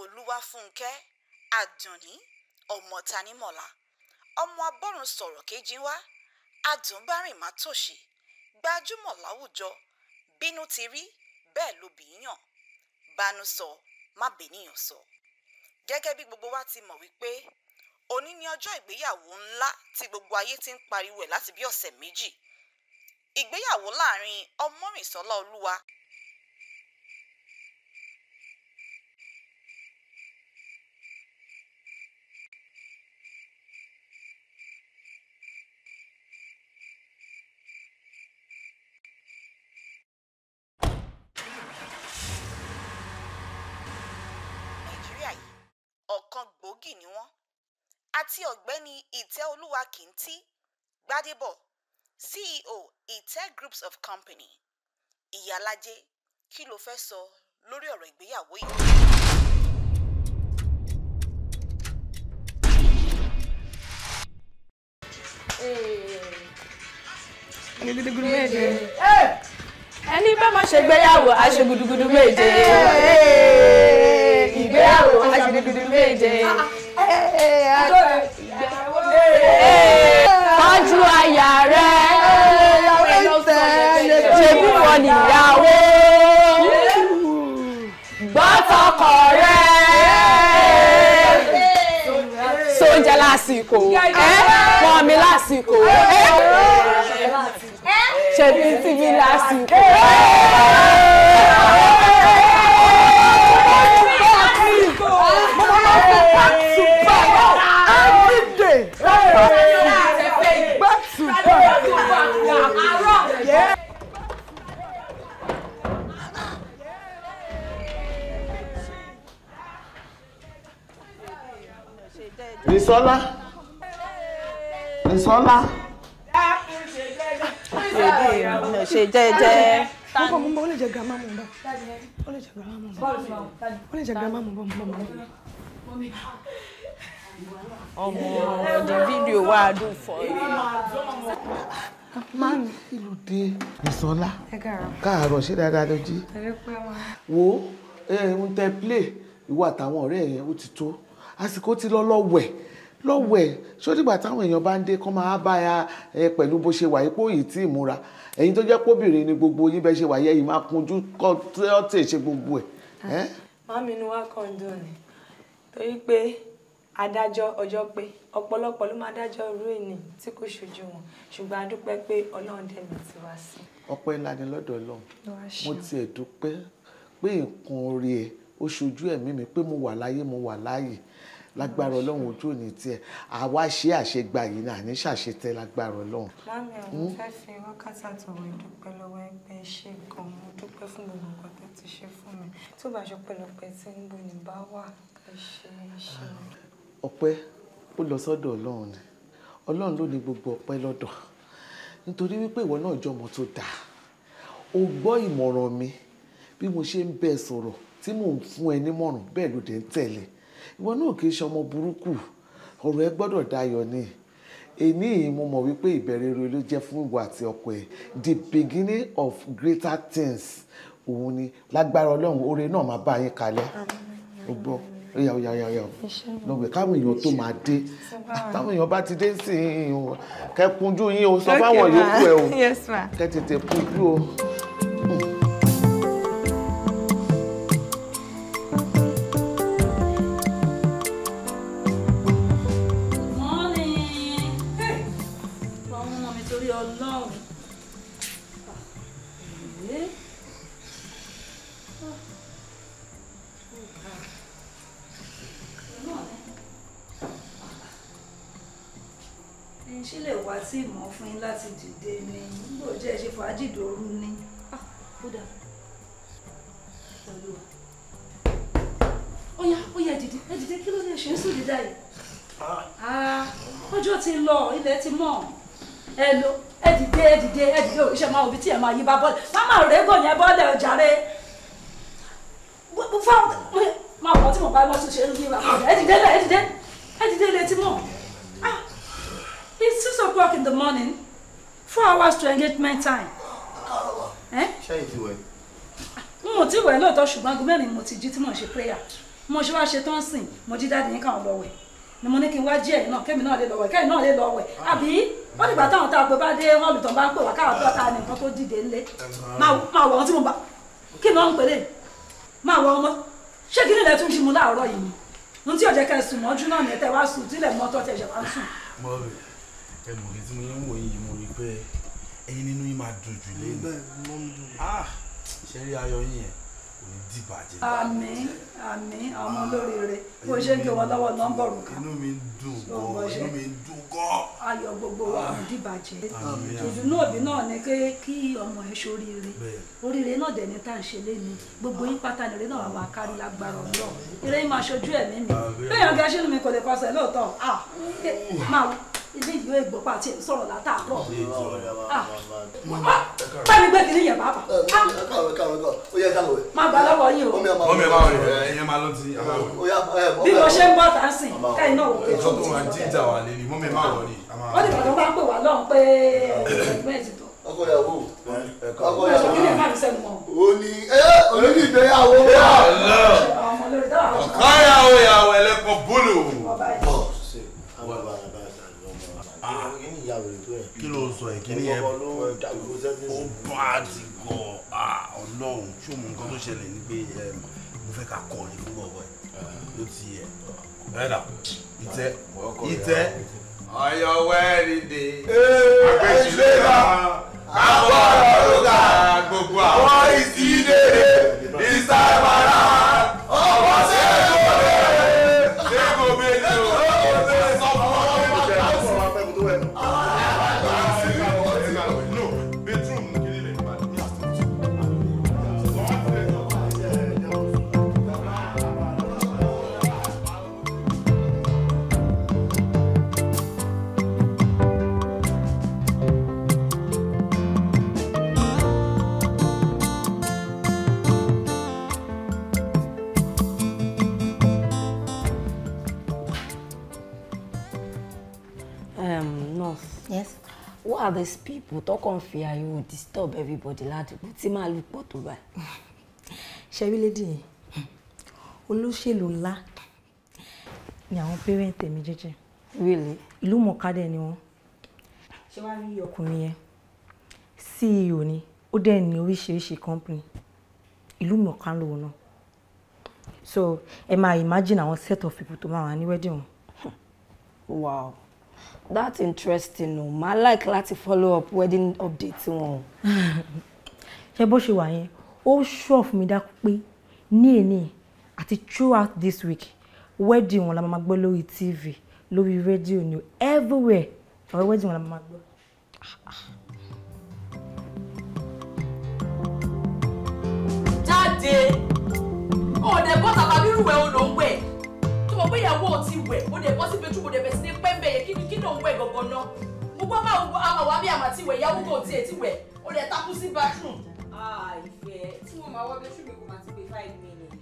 olúwàfúnkẹ́ àdùnní ọ̀mọ̀tanímọ̀lá ọmọ abọ́run sọ̀rọ̀ kejì wá adùnbárìnmátòṣì gbajúmọ̀ láwùjọ bínú ti rí bẹ́ẹ̀ ló bì í yàn bánú sọ má bènìyàn sọ. gẹ́gẹ́ bí gbogbo wa ti mọ̀ wípé òní ni ọjọ́ ìgbéyàwó ńlá tí gbogbo ayé ti ń pariwo ẹ̀ láti bí ọ̀sẹ̀ méjì ìgbéyàwó láàrin ọmọrìnsọ́lá olúwa ọ̀kan gbòógì ni wọ́n àti ọ̀gbẹ́ni ìtẹ́olúwa kìntì gbadebo ceo ìtẹ́ groups of company ìyálájẹ kí ló fẹ́ sọ lórí ọ̀rọ̀ ìgbéyàwó yìí. ẹni bá máa ṣègbéyàwó aṣègudugudu méje ìgbéyàwó wọn ṣe gudugudu méje. tọ́jú aya rẹ̀ ṣebí wọn níyàwó gbọ́tọ̀kọ̀ rẹ̀ sóúnjẹ lásìkò pọn mi lásìkò ṣebí tìmí lásìkò. ṣe jẹ́jẹ́. mo bọ̀ mo bọ̀ ó lè jẹ grandma mo bọ̀ ó lè jẹ grandma mo bọ̀ ó lè jẹ grandma mo bọ̀ mo bọ̀ ọmọ the video wa do for you. Máàmì kí ló dé? Ìsọlá. Káàárọ̀ ṣé dáadáa ló jí? Wo ń tẹ play ìwọ àtàwọn ọ̀rẹ́ yẹn ó ti tó. Àsìkò ti lọ lọ́wẹ̀ lọ́wẹ̀ ṣó dìgbà táwọn èèyàn bá ń dé kán máa bá ẹ pẹ̀lú bó ṣe wà yìí tí ì ẹ̀yin tó jẹ́ kóbìnrin ni gbogbo yín bẹ́ẹ̀ ṣe wà yẹ yìí máa kunjú kọ́ tẹ́ ṣe gbogbo ẹ̀. mami ni wàá kàn dùn ni torí pé adájọ́ ọjọ́ pé ọ̀pọ̀lọpọ̀ ló máa dájọ́ irú èèyàn tí kò ṣojú wọn ṣùgbọ́n a dúpẹ́ pé ọlọ́run dẹ̀mí ti wá sí. ọpẹ́ ńlá ni lọ́dọ̀ ọlọ́run mo tiẹ̀ dúpẹ́ pé nǹkan orí ẹ̀ ó ṣojú ẹ̀mí mi pé mo wà láyé mo wà láàyè lágbára ọlọ́run ojú òní tiẹ̀ àwa ṣe àṣegbà yìí náà ní ṣàṣetẹ lágbára ọlọ́run. lámì àwọn hmm? fẹ́ fi wákàtí àtọ̀wé dúpẹ́ lọ́wọ́ ẹgbẹ́ ṣe gan mo dúpẹ́ fún gbogbo nǹkan tó ti ṣe fún mi tó bá ṣe pẹ̀lọpẹ́ tí ń bò ní bá wà ẹ ṣe ṣe. ọpẹ́ ó lọ sọ́dọ̀ ọlọ́run ni ọlọ́run ló ní gbogbo ọpẹ́ lọ́dọ̀ nítorí wípé ìwọ náà jọmọ tó dáa o gbọ́ ìmọ̀ràn mi bí mo ṣe ń bẹ sọ̀rọ̀ tí mò ń fún ẹ nímọ̀ràn bẹ́ẹ̀ ló dé ń tẹ̀lé ìwọ náà kì í ṣe ọmọ burúkú ọ̀rọ̀ ẹ gbọ́dọ̀ dayọ̀ ni èmi yìí mo mọ̀ wípé ìbẹ̀rẹ̀ rere ló jẹ́ fún ìwọ àti ọkọ ẹ̀ the beginning of greater things òun ni lágbára ọlọ́run oore náà máa bá yín kalẹ̀ ó gbọ́ oya oya oya oya lọ́wọ́ káwọn èèyàn tó máa dé táwọn èèyàn bá ti dé sí i kẹkunjú yín o sọ fáwọn yòókù ẹ o kẹ tètè o. Ah, ọjọ́ ti lọ ilẹ̀ ti mọ̀ ẹ lo ẹ dìde ẹ dìde ẹ dìde òṣìṣẹ́ máa òbí tí ẹ máa yí bá bọ́ọ̀lù má máa rẹ́ bọ́ọ̀lù ọjà rẹ máa wọ́n tí mo bá wọ́n tún ṣe ń yí ẹ dìde ẹ dìde ẹ dìde ilẹ̀ ti mọ̀ ah, it's six o'clock in the morning four hours to engagement time. Eh? ṣé ìdí wẹ̀? Ah, n ò tí wẹ̀ lóòótọ́ ṣùgbọ́n aago mẹ́rin mo ti jí tí mo ń ṣe prayer mo ṣe wá ṣe tán sìn mo jí dáadé yín káwọn lọ wẹ̀ ni mo ní kí n wá díẹ̀ náà kẹ́mi náà lè lọ wẹ̀ kẹ́mi náà lè lọ wẹ̀ àbí wọ́n dìgbà táwọn tá a pè bá dé wọ́n lùtọ̀ bá ń pè wá káwọn tó ta ni nǹkan tó dìde ńlẹ̀ máa wọ̀ ọ́n tí mo bá kí ni wọ́n ń pèlè máa wọ̀ ọmọ ṣé kí nílẹ̀ tún ṣe mú láàárọ̀ yìí ni ní tí ọ̀jẹ̀ kẹ́ sùn mọ́jú náà ni wá sùn tílẹ̀ mọ́tọ́ tẹ̀ ṣẹ̀ wá sùn. mo rè é mo rí tí mo yẹn ń wò yìí mo rí pé dìbàjẹ́. àmín àmín àwọn olóríire bó ṣe ń jẹ wọn lọ́wọ́ nọ́mbọ̀rù kan. inú mi ń dùn gan inú mi ń dùn gan. ayọ̀ gbogbo wa ò ah. dìbàjẹ́ ìdùnnú òbí náà ni pé kí ọmọ ẹ ṣoríire oríire náà dẹ̀ ní tá à ń ṣe lémi gbogbo yín pátá nìrè náà wà kárí lágbára ọlọ́run eré yín máa ṣojú ẹ̀mí mi bẹ́ẹ̀ yàn gẹ́ṣẹ́ mi kò lè kọsẹ̀ lóòótọ́ ah, ilé ìlú ẹ̀gbọ́n pa àti ẹ̀mí sọ̀rọ̀ látàárọ̀. Ah. Ah, báyìí gbé kiri yẹn bàbá. má gba lọ́wọ́ yín o. omi ẹ̀ máa wọ̀ máa lọ ti. bí mo ṣe ń bọ̀ tà ń sìn kẹ́yìn náà wò pé. ìjọ tó máa jíjà wà lé ni mọ́mí máa wọ̀ ni. wọ́n ti bàtà bá pè wá lọ́hùn pé ẹ̀ẹ́dẹ́gbẹ̀ẹ́ ti ọkọ yàwó ọkọ yàwó ó ní onídìgbéyàwó wà. ọkọ yàwó yàwó ẹlẹ́kọ̀ọ́ bólú. Ah. kí ló ń sọ ẹ kí ni ẹ ó bá ti gọ Ọlọ́run ṣùgbọ́n nǹkan tó ṣẹlẹ̀ ní pé mo fẹ́ ká kọ́ ni fún bọ̀bọ̀ ẹ ah. ló ti yẹ bẹ́ẹ̀dà ìtẹ́ ìtẹ́. ọyọ wẹẹrìndé àgbẹ̀sílẹ̀ra káwọn ọlọ́gà gbogbo àwọn ìsílẹ̀ ní sábàrà. who are these people tó Fear you will disturb everybody ládùúgbò tí máa lù pọ̀ tó báyìí. ṣebí lédi yẹn olóṣèlú ńlá ni àwọn pẹ́rẹ́ǹtì mi jẹ́jẹ́ ìlú mọ̀kadà ni wọ́n ṣé wàá rí ọkùnrin yẹn CEO ni ó dẹ̀ ní oríṣiríṣi company ìlú mọ̀kán lòun náà so am I imagine àwọn set of people tó máa wà ní wow that's interesting o I like láti follow up wedding updates. wọn. she bó ṣe wà yẹn ó ṣọ́ fún mi dákú pé ní èní àti throughout this week wedding on la máa gbọ́ lórí tv lórí radio, new everywhere ọ̀rọ̀ wedding on la máa gbọ́. jáde oh, bọ́tà tàbí irú ẹ̀ ò ló ń wẹ̀ mọ̀ pé ìyàwó ò ti wẹ̀ ó dẹ̀ bọ́ sí bẹ́tú kò dẹ̀ bẹ̀ sí ní pẹ́ńbẹ́ yẹn kí ni kí ló ń wẹ̀ gangan náà gbogbo ọmọ àwọn àmì àmà ti wẹ̀ ìyàwó kò tiẹ̀ ti wẹ̀ ó dẹ̀ takú sí bathroom. Ah, ìfẹ́ tí wọ́n máa wọ bẹ́tú mi kò máa ti pé five minutes.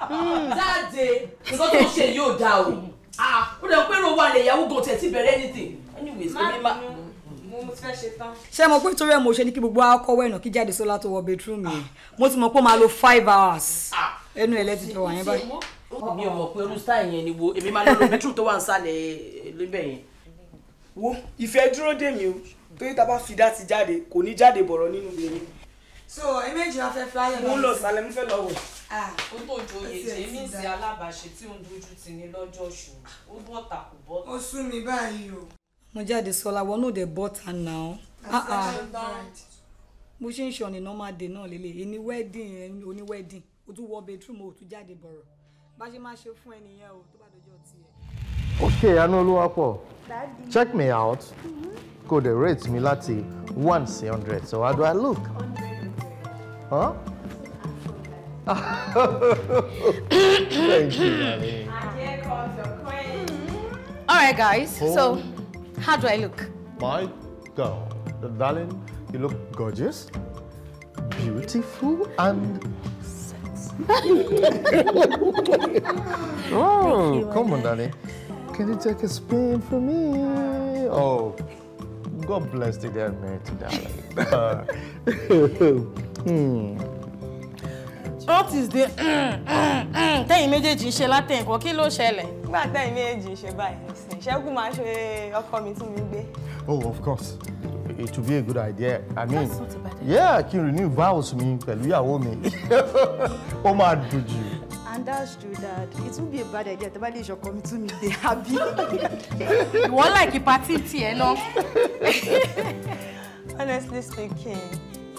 Ah. Hmm. jáde nǹkan tó ṣe yóò dá o ah, ó dẹ̀ pé ro wà ìyàwó kò tiẹ̀ ti bẹ̀rẹ̀ anything anyways kò ní máa ṣé mo pé torí ẹ mo ṣe ní kí gbogbo akọwé ẹ̀nà kí jáde sólá tó wọ bedroom mi mo ti mọ̀ pé ó máa lo five hours ẹnu ẹ lẹ́sìn tó wà yẹn báyìí. mi ò mọ̀ pé irú style yẹn ni wo èmi máa lọ lo bedroom tó wà nísàlẹ̀ eh, níbẹ̀ yẹn. wo ìfẹ́ dúró dè mí o torí tá bá fi dá ti jáde kò ní jáde bọ̀rọ̀ nínú mi. so emeji wa fẹ́ flyer lọ. mo ń lọ sálẹ̀ mo fẹ́ lọ wọ̀. Ah, ó tó jo oyè ṣe mí sí alábàáṣe tí òun dojú ti ní lọ́jọ́ ṣùgbọ́n ó bọ́ta kò bọ́ta. ó sún mi báyìí o. mo jáde sọlá wọn náà dé bọ́ta náà ṣe ń ṣọ̀nì normal day náà lélẹ̀ ẹni wedding ẹni oní wedding o tún wọ bedroom o tún jáde bọ̀rọ̀ bá ṣe máa ṣe fún ẹnìyẹn o tó bá dọjọ́ tiẹ̀. okay àánú olúwa pọ̀ check me out mm-hmm. kò dé rate mi láti one sí hundred so how do I look? Huh? Thank you, mm-hmm. All right, guys. Oh. So, how do I look? My girl, darling, you look gorgeous, beautiful, and oh, you, come on, darling. Can you take a spin for me? Oh, God bless the dear mate, darling. Hmm. What is the tẹ́yìn méjèèjì ṣe látẹ̀kọ́ kí ló ṣẹlẹ̀? Nígbà tẹ́yìn méjèèjì ṣe báyìí, ìṣẹ́gun máa ṣe ọkọ mi tí mi gbé. Oh, of course it would be a good idea. I mean, yeah, kí n renew vows me, mi pẹ̀lú ìyàwó mi. ó máa dùn jù. and that's true dad it will be a bad idea to bá your committee mi tún happy. dé àbí. ìwọ láìkí patí tiẹ̀ náà. honestly speaking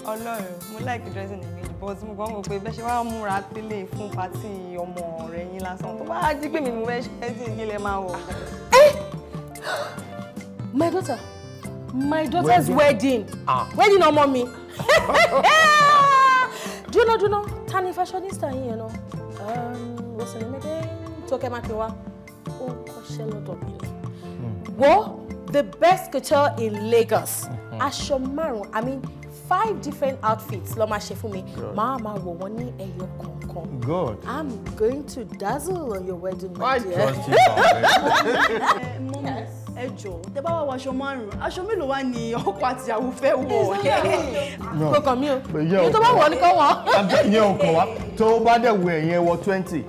ọlọ́run mo like dressing in beige but mo gbọ́n mo pé bẹ́ẹ̀ ṣe wá múra tẹ́lẹ̀ fún patí ọmọ rẹ̀ yín lásán tó bá jí pé mi mo fẹ́ ṣe tí ìgbélé máa wọ̀. Eh! my daughter my daughter's wedding wedding ah. ọmọ mi dúnà dúnà ta ni fashionista yìí yẹn Um, wò sí ni mẹ́tẹ́ tókẹ́ mákinwá ó ń kọ́ṣẹ́ lọ́dọ̀ mi ni. Hmm. wo the best couture in Lagos hmm. aṣọ márùn i mean five different outfits ló máa ṣe fún mi máa máa wọ̀ wọ́n ní ẹyọ kọ̀ọ̀kan. good i'm going to dazzle on your wedding my dear. i trust ẹ jọ̀ọ́ tẹ bá wá wọ aṣọ márùn-ún aṣọ mélòó wá ni ọkọ àtìyàwó fẹ́ wọ̀ kọkàn mi o ní tó bá wọ̀ ni kọ́ wọ̀. ìyẹn ò kàn wá tó bá dẹ̀ wọ ẹ̀yẹn wọ twenty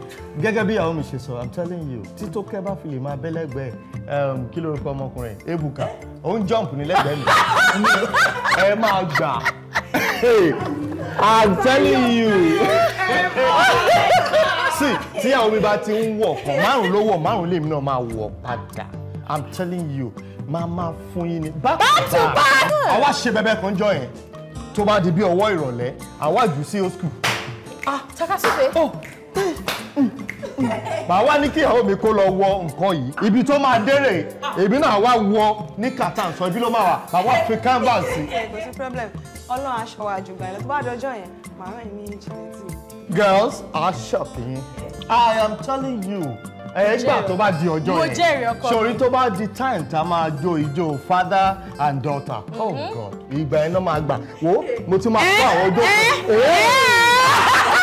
gẹ́gẹ́ bí àwọn mi ṣe sọ i'm telling you tí tó kẹ́ bá fi lè máa bẹ́ lẹ́gbẹ̀ẹ́ um, kí ló ń kọ́ ọmọkùnrin ebuka eh? ó ń jump ní lẹ́gbẹ̀ẹ́ mi ẹ máa gbà i'm telling you sí tí àwọn mi bá ti ń wọ̀ kan márùn ló wọ̀ márùn lèmi náà máa wọ̀ padà i'm telling you máa máa fún yín ni. back to back. àwa ṣe bẹbẹ kan jọ yẹn tó bá di bí ọwọ́ ìrọ̀lẹ́ àwa jù sí old school. ah takasufe. Oh, mm, mm, mm. màá wá ní kí ìyàwó mi kó lọ wọ nǹkan yìí ibi tó máa dérè èmi náà wá wọ ní kàtà nsọ ibi ló máa wà àwa fi canvas sí. kò sí problem ọlọ́run aṣọ wa àjùgbà ẹ̀ lọ tó bá dọjọ́ yẹn màá rẹ̀ ní jìnnìtì. girls are shopping i am telling you ẹgbà tó bá di ọjọ́ yẹn mo jẹ́rìí ọkọ mi sori tó bá di time tá a máa jó ijó father and daughter mhm. oh god ìgbà yẹn náà máa gbà wo mo ti máa kó àwọn ọjọ́ eh, eh,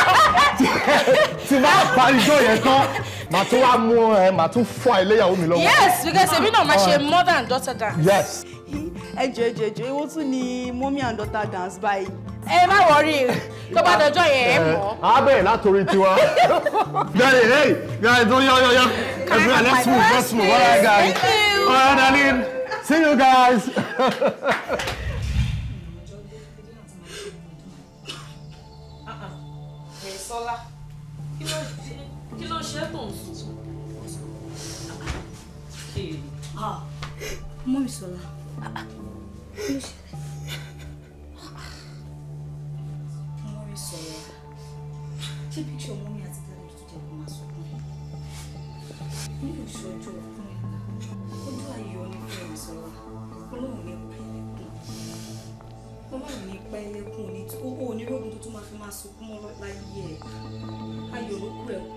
oh. eh. tí máa parí ijó yẹn tán màá tún wá mú ẹ màá tún fọ iléyàwó mi lọ́wọ́. yes because èmi náà máa ṣe mother and daughter dance. yes. ẹ jẹ́ jẹ́ jẹ́ ewo tún ni mommy and daughter dance báyìí ẹ má wọrí tó bá dọjọ́ yẹn ẹ mọ̀. Eh, a bẹ̀rẹ̀ látòrí tiwa. guy hey guy don yan yan yan everyone let's move let's move all right guys all right darling see you guys. Sọlá, kí ló ṣe tó ń sùn? Mọ́mí ah, Sọlá, ah, ah. kí ló ṣe? mi sọ̀rọ̀ ṣé picture ọmọ mi àti dáadé tó jẹ́ kó máa sọ fún mi mi ò ṣe ọjọ́ ọkùnrin ojú ayọ̀ ni fún mi sọ̀rọ̀ ọlọ́run ní pẹ́ lẹ́kùn ọlọ́run ní pẹ́ lẹ́kùn onírògùn tó tún máa fi máa sunkún mọ́ láyé ẹ̀ ayọ̀ ló kú ẹ̀kú.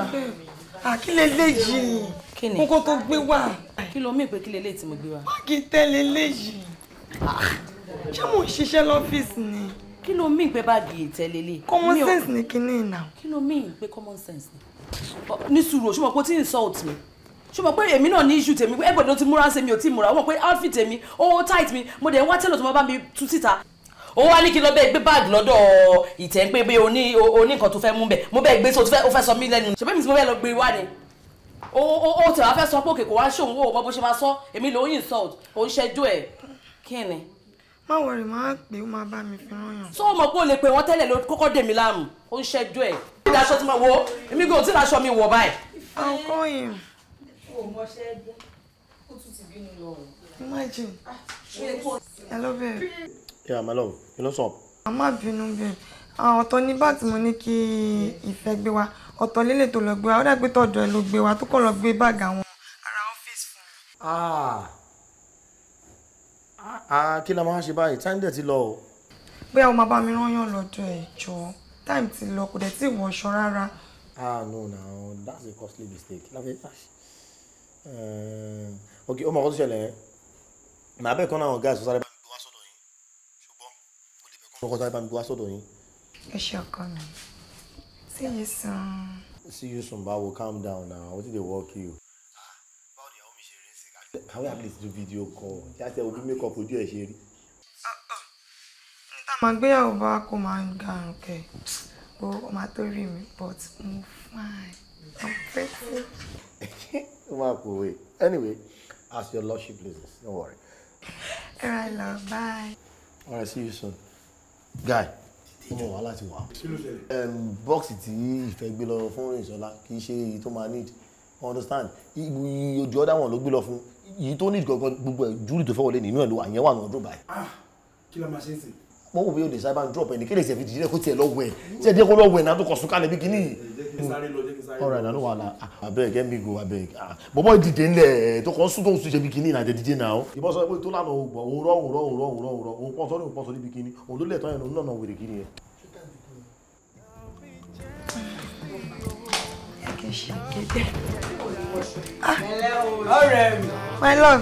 gbà kí lè léyìí kókó tó gbé wá. kí ló mí pé kí lè léyìí tí mo gbé wá. má kì í tẹ́lẹ̀ léyìí ṣé mo ń ṣiṣẹ́ lọ́fíìsì ni. kí ló mí pé báàgì ìtẹ́lẹ̀ lè. common sense ni kinní ìnà. kí ló mí pé common sense ni. ní sùúrù o ṣùgbọ́n pé o ti insult mi ṣùgbọ́n pé èmi náà ní iṣu tèmi ẹgbẹ̀dọ̀ ti múra ṣe mi ò tí ì múra wọ́n pé outfit tèmi ó tight mi mo dẹ̀ ń wá tẹ́lọ̀ tó máa bá mi tú síta ó wá ní kí n lọ bẹ́ẹ̀ gbé báàgì lọ́dọ̀ ìtẹ́ ń pé bí oní oní nǹkan tó fẹ́ mú bẹ̀ mo bẹ́ẹ̀ gbé so ó fẹ́ sọ mí lẹ́nu ṣe bẹ́ẹ̀ mi ti mo fẹ́ lọ gbé wá ni ó tẹ̀ wá fẹ́ sọ pé òkè kò wá ṣòun ó mọ bó ṣe máa sọ èmi ló ń insult ó ń ṣẹ́jú ẹ̀ kí ni. má wọrí máa pè ó máa bá mi fi rán yàn. sọ ọmọ pé o lè pè wọ́n tẹ́lẹ̀ ló kọ́kọ́ dè mí láàmú ó ń ṣẹ́jú ẹ̀. ìdí aṣọ ti máa wo èmi gbé òtí aṣọ mi wọ̀ báyìí. ọkọ yẹn. o mọ yeah my love you know sup. a ah, má bínú bẹ́ẹ̀ ah, ọ̀tọ̀ ní bá tí mo ní kí ìfẹ́ gbé wa ọ̀tọ̀ lílẹ̀ tó lọ gbé wa ó dàgbé tọ̀dọ̀ ẹ̀ ló gbé wa tó kọ̀ lọ gbé báàgì àwọn ará ọ́fíìsì fún mi. Ah. kí la máa ṣe báyìí time dẹ̀ ti lọ o. bóyá o máa bá mi rányàn lọ́jọ́ ẹ̀jọ́ time ti lọ kò dẹ̀ tí ì wọṣọ rárá. ah no na that's a costly mistake láfi eh, ok ó mọ ọkọ tó ṣẹlẹ̀ yẹn màá bẹ́ẹ̀ kọ́ náà ọ̀gá ọkọ tá a bá mi wá sọ́dọ̀ yín. ẹ ṣe ọkọ mi see you soon. see you soon báwo calm down na wetin dey work you. báwo ni àwọn mi ṣe rí can we at least do video call ṣáṣẹ ojú make up ojú you ṣe rí. níta máa gbéyàwó bá kó máa ń ga àrùn kẹ o ó máa but I'm fine i'm pretty. ó máa anyway ask your lordship please. Don't worry. all right love bye. all right see you soon guy ọmọ wàhálà ti wà bọ́ọ̀sì tí ìfẹ́ gbé lọ fún ìṣọ́lá kì í ṣe èyí tó máa need understand ojú ọ̀dà wọn ló gbé lọ fún èyí tó need gangan gbogbo ẹ̀ júlì tó fẹ́ wọlé nínú ẹ̀ ló àyẹ̀wò àwọn ọdún báyìí. Ah, kí ló máa ṣe é sìn mo wò bí o lè sábà ń drop ẹni kí lè ṣe fìdí rẹ kó tiẹ̀ lọ́wọ́ ẹ̀ tí ẹ̀ díẹ̀ náà tó kọ̀ súnkàlẹ̀ bí kìíní ah, ah, yìí. ọ̀rẹ́ ìdáná wà abeg ẹ̀mí go abeg bọ́bọ́ ìdíje ńlẹ̀ tó kọ́ sún tó ń ṣe bí kìíní náà díje náà. ìbọn sọ pé tó lánàá ògbọ òun rọ òun rọ òun rọ òun rọ òun rọ òun pọ̀ sọ́ni òun pọ̀ sọ́ni bí kìíní òun ló lẹ̀ tán ẹnu náà wèrè kìíní yẹn. ọ̀rẹ́ ah, mi. my love.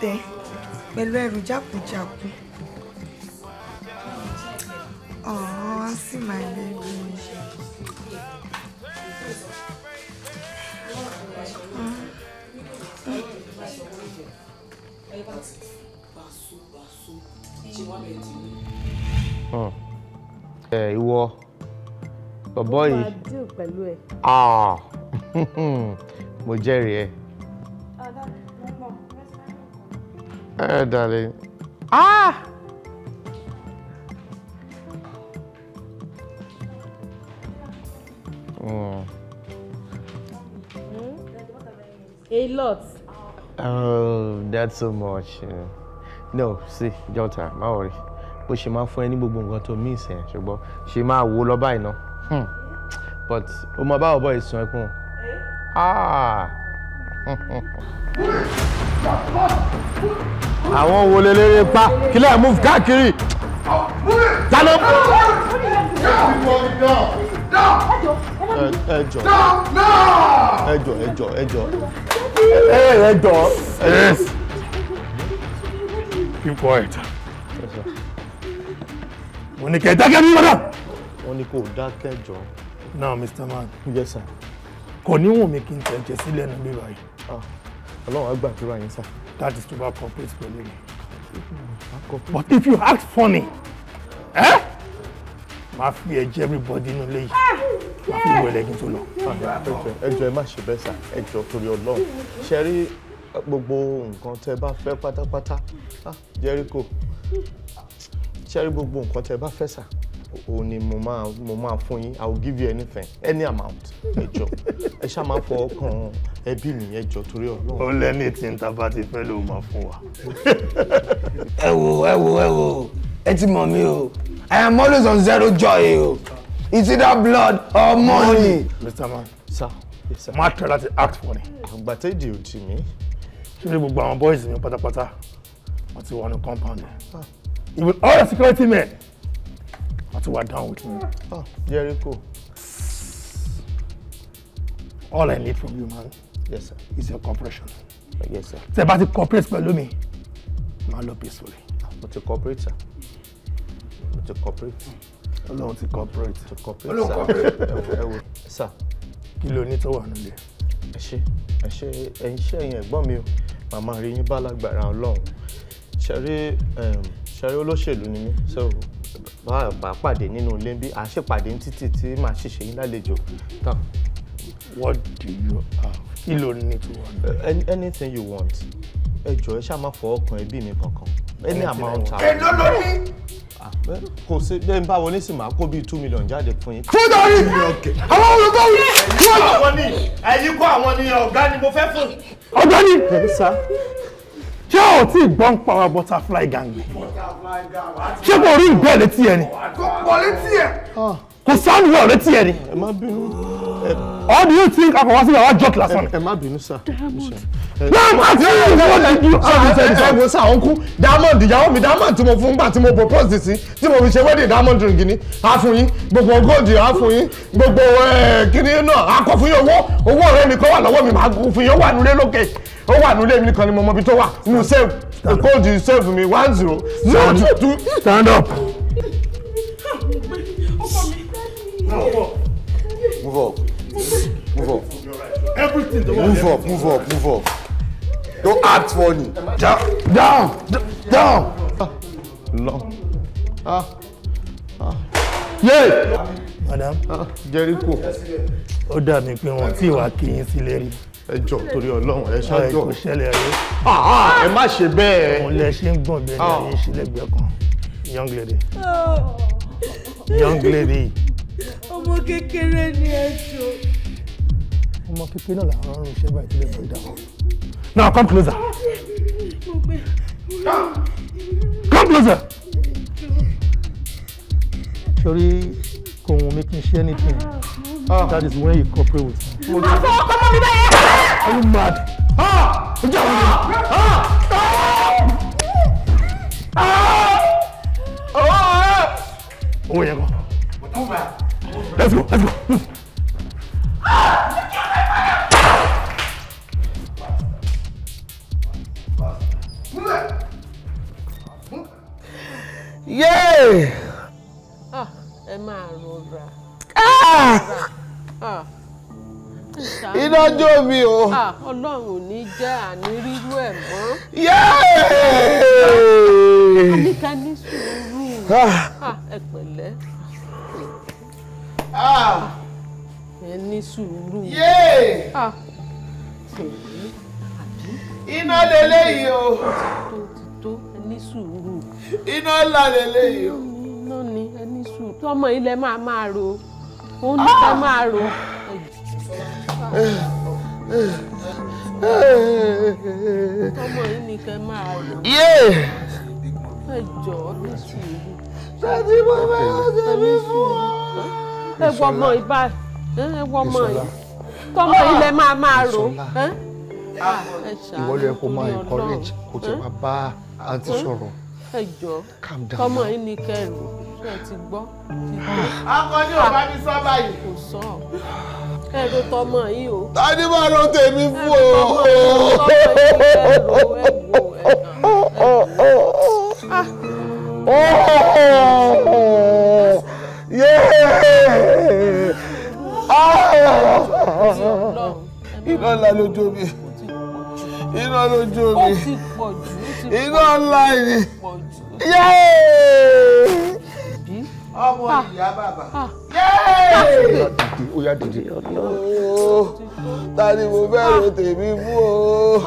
tẹ pẹ̀lú ẹrù jákujàku ọ̀hún á sì máa lé mi. ẹ ìwọ bọ̀bọ́ yìí ah. mo jẹ́rìí ẹ. Hello, darling. Ah! Mm. A lot. Oh, that's so much. No, see, daughter, má worry. But she máa fún any ní gbogbo nǹkan tó mí ìsìn ṣùgbọ́n ṣe máa wo lọ báyìí ná. Hmm. But o mọ is bọ́ ìsun ẹkún. Ah! àwọn wo lè lérè pa kílẹ̀ move káàkiri. dáná. ẹjọ ẹjọ ẹjọ ẹjọ ẹjọ ẹjọ. keep quiet. mo ní kẹ́ ẹ dákẹ́ mi madam. wọ́n ní kó o dákẹ́ jọ. now mr man. yes sir. kò níwọ̀n mi kí n tẹ̀ jẹ́ sílẹ̀ níbí báyìí. Ah, ọlọ́run á gbàdúrà yín sá. That is tuber complete spelling. But if you act funny, eh? Máa fi ẹ̀jẹ̀ everybody inú lẹ́yìn. Ah, Máa fi wọ ẹlẹ́gin tó lọ. Ẹjọ́ ẹ má ṣe bẹ́ẹ̀ sà, ẹjọ́ torí Ọlọ́run. Ṣé rí gbogbo nǹkan tẹ bá fẹ́ pátápátá? Ah, Jẹ́ríkò, ṣé rí gbogbo nǹkan tẹ bá fẹ́ sà? òun ni mo máa mo máa fún yín i will give you anything any amount ẹ jọ̀ọ́ ẹ ṣáà máa fọ ọkàn ẹbí mi ẹ jọ̀ọ́ torí Ọlọ́run. ó lẹ́ni tí n ta bá ti fẹ́ ló máa fún wa. ẹ wo ẹ wo ẹ wo ẹ ti mọ̀ mí o i am always on zero joy o it either blood or money. mr man sir yes, sir má try láti act for me. àgbà tẹ́jì ò tì mí. ṣé gbogbo àwọn boys mi pátápátá wọ́n ti wà ní compound. even all the security men àti wà down with me. Oh, Jericho. All I need from you, man. Yes, sir. Is your cooperation. Yes, sir. Tẹ́ about ti cooperate pẹ̀lú mi, máa lọ peacefully. Ah, mo ti cooperate, sir. Mo ti cooperate. Hello, ti cooperate. Mo ti cooperate, sir. Ọlọ́run cooperate. Ẹ wo. Sir. Kí ló ní tó wà nílé? Ẹ ṣe ẹ ṣe ẹyin ṣe ẹyin ẹ̀gbọ́n mi o. Màmá rí yín bá lágbára Ọlọ́run. Ṣẹ̀rí ṣẹ̀rí olóṣèlú ni mí bá pàdé nínú ilé bí a ṣèpàdé títí tí màá ṣiṣẹ́ yín lálejò tán. what do you have? kí ló ní tí wọ́n. Eh, anything you want ẹ jọ̀ọ́ ẹ ṣáà má fọ ọkàn ẹbí mi kankan any amount. èló ló ní ah, kò sí bẹ́ẹ̀ ń bá wọlé sí kó bíi two million jáde fún yín. fún dàrí àwọn olùkọ́ wí. ẹ̀yin kọ́ àwọn ni ọ̀gá ni mo fẹ́ fún. ọ̀gá ni. ẹ sá ṣé o ti gbọ́n pa butterfly gang ṣé kò rí ìgbẹ́ létí ẹ ni. kò pọ̀ létí ẹ. Ah kò sáà nù wọ́n ọ̀rẹ́ tiẹ̀ ni. ẹ má bínú. or do you think akọ̀wá sí bàbá jọ́ọ̀kì lásán. ẹ má bínú sá. Diamond àti ẹ̀yìn ìwọ́n ti ju. ẹ̀wọ̀n sá ọ̀nkú Diamond ìyàwó mi Diamond tí mo fún gbà tí mo propose sí tí mo fi ṣe wedding Diamond ring ni a fún yín gbogbo gold a fún yín gbogbo kíní náà a kọ fún yín owó owó ọ̀rẹ́ mi kọ́ wà lọ́wọ́ mi màá fún yín ó wà nílé lókè ó wà nílé mi nìkan ni mo mọ ibi tó wà nù save gold save mi one zero zero two two. stand up. Move up. Move up. Move up. Everything. The move up. Move up. Move up. Don't act funny. Down. Down. Down. Long. Ah. Ah. Yeah. Madam. Ah. Jericho. Ó dà mí pé wọ́n ti wá kí yín sílé rí ẹ jọ torí Ọlọ́run ẹ ṣáájọ ẹ ṣẹlẹ̀ rí. Ah, ah, ẹ má ṣe bẹ́ẹ̀. òun lẹ ṣe ń gbọ̀n bẹ́ẹ̀ ní ẹ̀yìn ah. ìṣílẹ̀gbẹ́ kan young lady oh. young lady ọmọ kékeré ni ẹ jọ. ọmọ kékeré náà làwọn ọrùn ṣẹ́ báyìí tilẹ̀ bọ̀ ìdáwọ́. now come closer. come closer. sori kò wù mí kí n ṣe anything ah. that is when you cooperate with me. mo fọ ọkọ mọ mi bẹ́ẹ̀. are you mad? Ah! ojú àwọn ènìyàn. Ah! owó yẹn kọ. Let's go, let's go. Move. Ah, ẹ máa Ah! ah. Iná jó mi o. Ah, Ọlọ́run ò ní jẹ́ àní rírú ẹ̀ mọ́. Yay! Àníkà sùúrù. Ah. ah, ẹ pẹ̀lẹ́. Ah. ẹ ní sùúrù. Ah. iná leléyìí o. ẹ ní sùúrù. iná ńlá leléyìí o. iná ni ẹ ní sùúrù tọmọ ilẹ̀ máa máa ro òun ní ká máa ro. tọmọ yìí ni kẹ máa ro. ẹ jọ̀ọ́ ní sùúrù. tàbí bàbá yóò ṣe mí fún wa ẹ wọ ọmọ ìbá ẹ wọ ọmọ yìí tọmọ ilẹ̀ máa máa rò ah, ah, ìwọ yẹ kó máa encourage kó tẹ máa bá àǹtí sọ̀rọ̀ ẹ jọ tọmọ yìí ni kẹrù ṣe ti gbọ́. Ah. akọni ò bá mi sọ báyìí. kò sọ ẹ ló tọmọ yìí o. tani máa ro tèmi fún o. ẹ ló tọmọ yìí kẹrù ẹ wò ẹ. Oh. Yeah! iná ńlá lójú omi iná lójú omi iná ńlá ni ọmọ ìyá bàbá ah. ó yá dìde ta ni mo fẹ́ ro tèmi mú o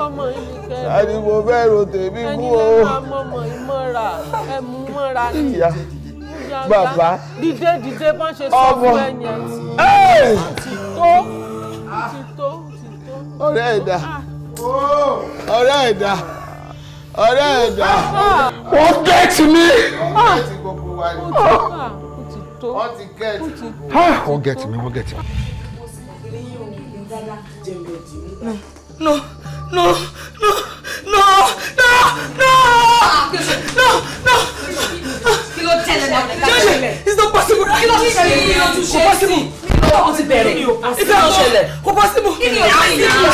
ta ni mo fẹ́ ro tèmi mú o ẹni máa mọ̀mọ́ ìmọ̀ra ẹ̀mú mọ́ra ni bàbá dìde dìde bá ṣe sọ fún ẹ yẹn ti tó ti tó ti tó. ọ̀rẹ́ ẹ̀dá ọ̀rẹ́ ẹ̀dá ọ̀rẹ́ ẹ̀dá. wọ́n gẹ̀ẹ́tì mi. wọ́n gẹ̀ẹ́tì mi. wọ́n gẹ̀ẹ́tì mi wọ́n No, no, no, no, no, no, no, no, no ló tẹ̀lé náà ní ká tẹ̀lé. it's not possible kí ló tẹ̀lé kí ló tún ṣe sí i. ọkọ ti possible. kí ni ìyá yìí náà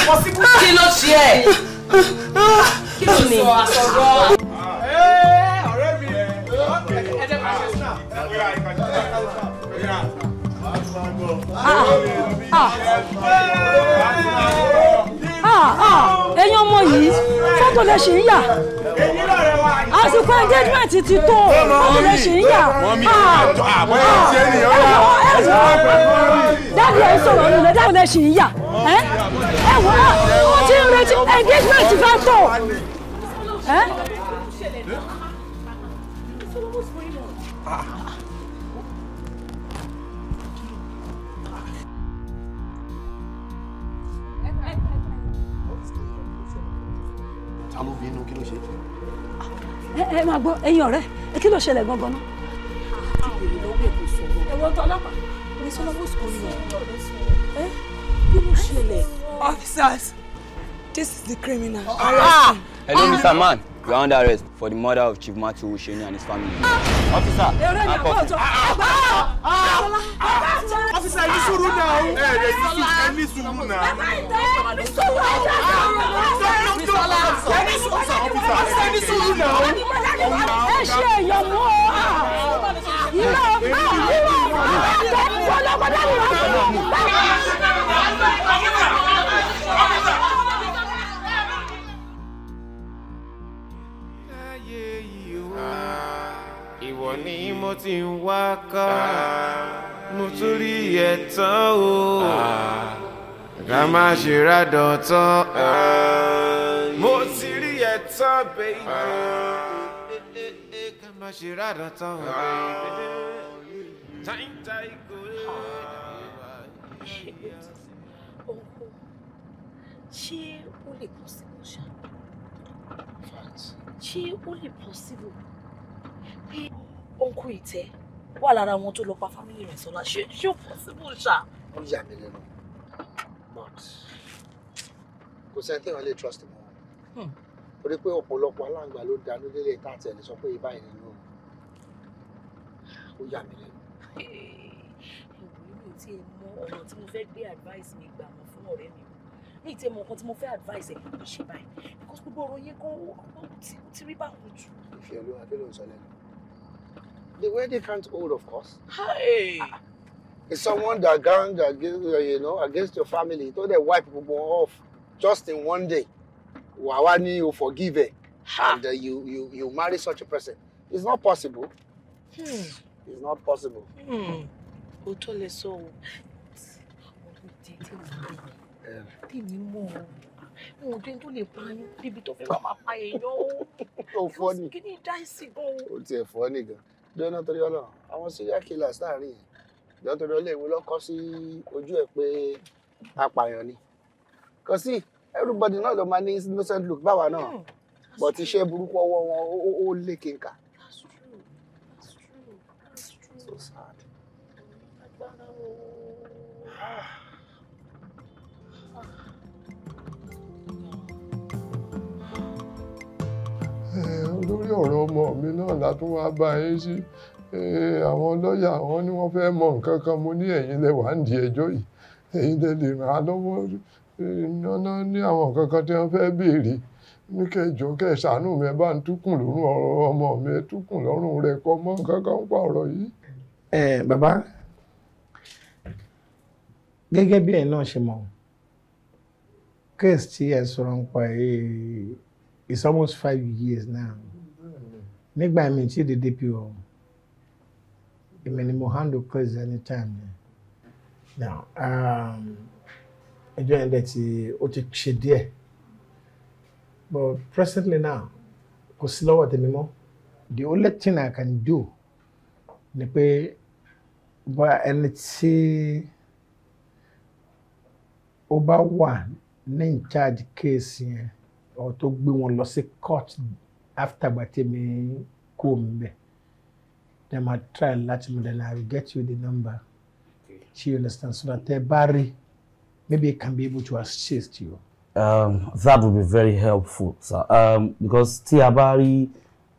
kí ló ṣe ẹ̀. kí ló ní àsọ̀rọ̀. Ah, ah, ah. eh, ọ̀rẹ́ mi ẹ̀ ẹ̀ ẹ̀ máa ṣe snap. Ah! Ah, ẹ̀yin ọmọ yìí fọ́tò lè ṣì ń yà àsìkò engagement ti tó fọ́tò lè ṣì ń yà ah, ah, dáàbì ẹ̀ sọ̀rọ̀ nílẹ̀ dáàbì lè ṣì ń yà ẹ̀ wọ́n ti ń retí engagement bá tó. ta ló bí inú kí ló ṣe jù. ẹ ẹ máa gbọ́ ẹ̀yin ọ̀rẹ́ kí ló ṣẹlẹ̀ gangan náà. àwọn ìlọ́wọ́ èkó sọ̀rọ̀. ẹ̀wọ̀n tó ọlọ́pàá ní sọ́nà bó sùkúrú yẹn. ẹ kí ló ṣẹlẹ̀. officers this is the criminal. arrest him. mr man. You are under arrest for the murder of Chief Matthew Usheni and his family. Ah! Officer, I'm caught. Ah! Ah! Officer, ní sùúrù náà. Ẹ ní sùúrù náà. Ẹ ní sùúrù náà. Ẹ ní sùúrù náà. Ẹ ṣe èèyàn mú ọ. Ìlọ ìlọ ìlọ. Ẹ tẹ́ ìfọlọ́gbọ́dọ́ ìlọ. ayé yìí o ah. ìwọ ni mo ti ń wá ká ah. mo tún rí ẹ tán o ah. ká má ṣe rádọ̀ tán mo ti rí ẹ tán baby ká má ṣe rádọ̀ tán baby táyìntà ìgò lè wá. ṣé o lè kó sí ṣé ó lè possible pé ọkọ ìtẹ́ wà lára wọn tó lọ pa family rẹ̀ sọ́la ṣé ṣé ó possible ṣá. wọ́n yà mí lẹ́nu but kò sẹ́ni tí wọ́n lè trust mọ́ wọn torí pé ọ̀pọ̀lọpọ̀ aláǹgbà ló dánú délé tá àti ẹni sọ pé báyìí nínú ó yà mí lẹ́nu. ìwé mi ò tí ì mọ ọ̀nà tí mo fẹ́ gbé advice mi gbà mọ́ fún ọ̀rẹ́ mi ní ìtẹ́ mọ̀ nǹkan tí mo fẹ́ advice ẹ̀ kò ṣe báyìí because gbogbo ọ̀rọ̀ yẹn kan ó ti rí báwọn jù. ìfẹ́ olúwa kí ló ń sọ lẹ́nu. the wedding can't hold of course. Hey. It's someone that gang against uh, you know against your family tó dẹ̀ wipe people wọn off just in one day wàá wá ní o forgive ẹ̀ and uh, you you you marry such a person it's not possible. Hmm. It's not possible. Hmm. Òótọ́ lẹ sọ o tèmi mọ̀ ìwọ̀n tó ń tó lè pa ní bíbi tó fẹ́ wà máa pa èèyàn o. ó fọ́ ni kí ni dáìsì gan o. ó tiẹ̀ fọ́ ni gan jọ́nà torí ọlọ́run àwọn serial killers láàrin yẹn jọ́nà torí ọlọ́run ìwé lọ́kọ́ sí ojú ẹ̀ pé apààyàn ni kò sí everybody náà ló máa ní innocent look báwa náà bọ̀ hmm, ti burúkú ọwọ́ wọn ó lékè nǹkan. lórí ọ̀rọ̀ ọmọ mi náà la tún wá bá yín sí àwọn lọ́ọ̀yà wọn ni wọ́n fẹ́ mọ nǹkan kan mo ní ẹ̀yin lẹ wà ń di ẹjọ́ yìí ẹ̀yin lẹ lè ràn án lọ́wọ́ náná ní àwọn nǹkan kan tí wọ́n fẹ́ béèrè ní kẹjọ kẹsànù mi ẹ bá ń túkùn lọ́rùn ọ̀rọ̀ ọmọ mi ẹ túkùn lọ́rùn rẹ kọ́ mọ́ nǹkan kan ń pa ọ̀rọ̀ yìí. ẹ bàbá gẹ́gẹ́ bí ẹ̀yin náà ṣe mọ̀ case tí ẹ sọ̀rọ̀ ń pa ẹ̀ it's almost five years now nígbà mi tí dédé pi o èmi ni mo handle case anytime now um, ẹjọ́ yẹn dẹ̀ ti ó ti ṣe díẹ̀ but presently now kò sí lọ́wọ́ tèmi mọ́ the only thing I can do ni pé bá ẹni tí ó bá wà ní in charge case yẹn ọ̀ tó gbé wọn lọ sí court after gbàtí me kó mi bẹ̀ then ma try láti Me then I will get you the number okay. she understand so that ẹ uh, Barry, maybe I can be able to assist you. Um, that would be very helpful sir um, because tí a bá rí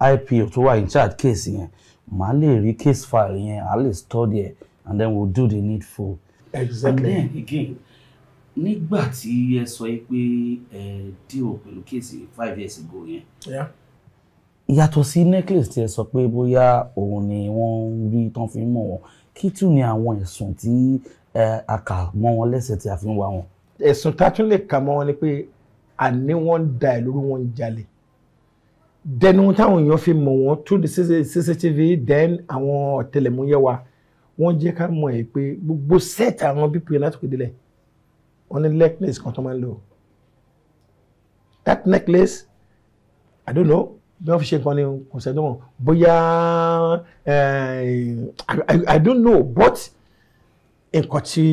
IPO tó in charge case yẹn màá lè rí case file yẹn à lè study ẹ and then we'll do the needful. Exactly. and then again nígbà tí ẹ sọ pé ẹ eh, deal pẹ̀lú case five years ago yẹn. Yeah yàtọ̀ sí necklace tí ẹ sọ pé bóyá òun ni wọ́n ń rí tán fi mọ̀ wọ́n kí tún ni àwọn ẹ̀sùn tí a kà mọ́ wọn lẹ́sẹ̀ tí a fi ń wá wọn. ẹ̀sùn tá a tún lè kà mọ́ wọn ni pé àní wọ́n ń da ìlú wọn ń jalè dẹnu táwọn èèyàn fi mọ̀ wọ́n tó di cctv then àwọn ọ̀tẹlẹ̀múyẹ́ wa wọ́n jẹ́ ká mọ̀ ẹ́ pé gbogbo sẹ́ẹ̀tì àwọn bípò yẹn látòkè délẹ̀ wọ́n ní necklace kan tó máa ń lò that necklace i don't know bí wọ́n fi ṣe nǹkan ni kò sẹ́dọ̀ mọ̀ bóyá I don't know but nǹkan tí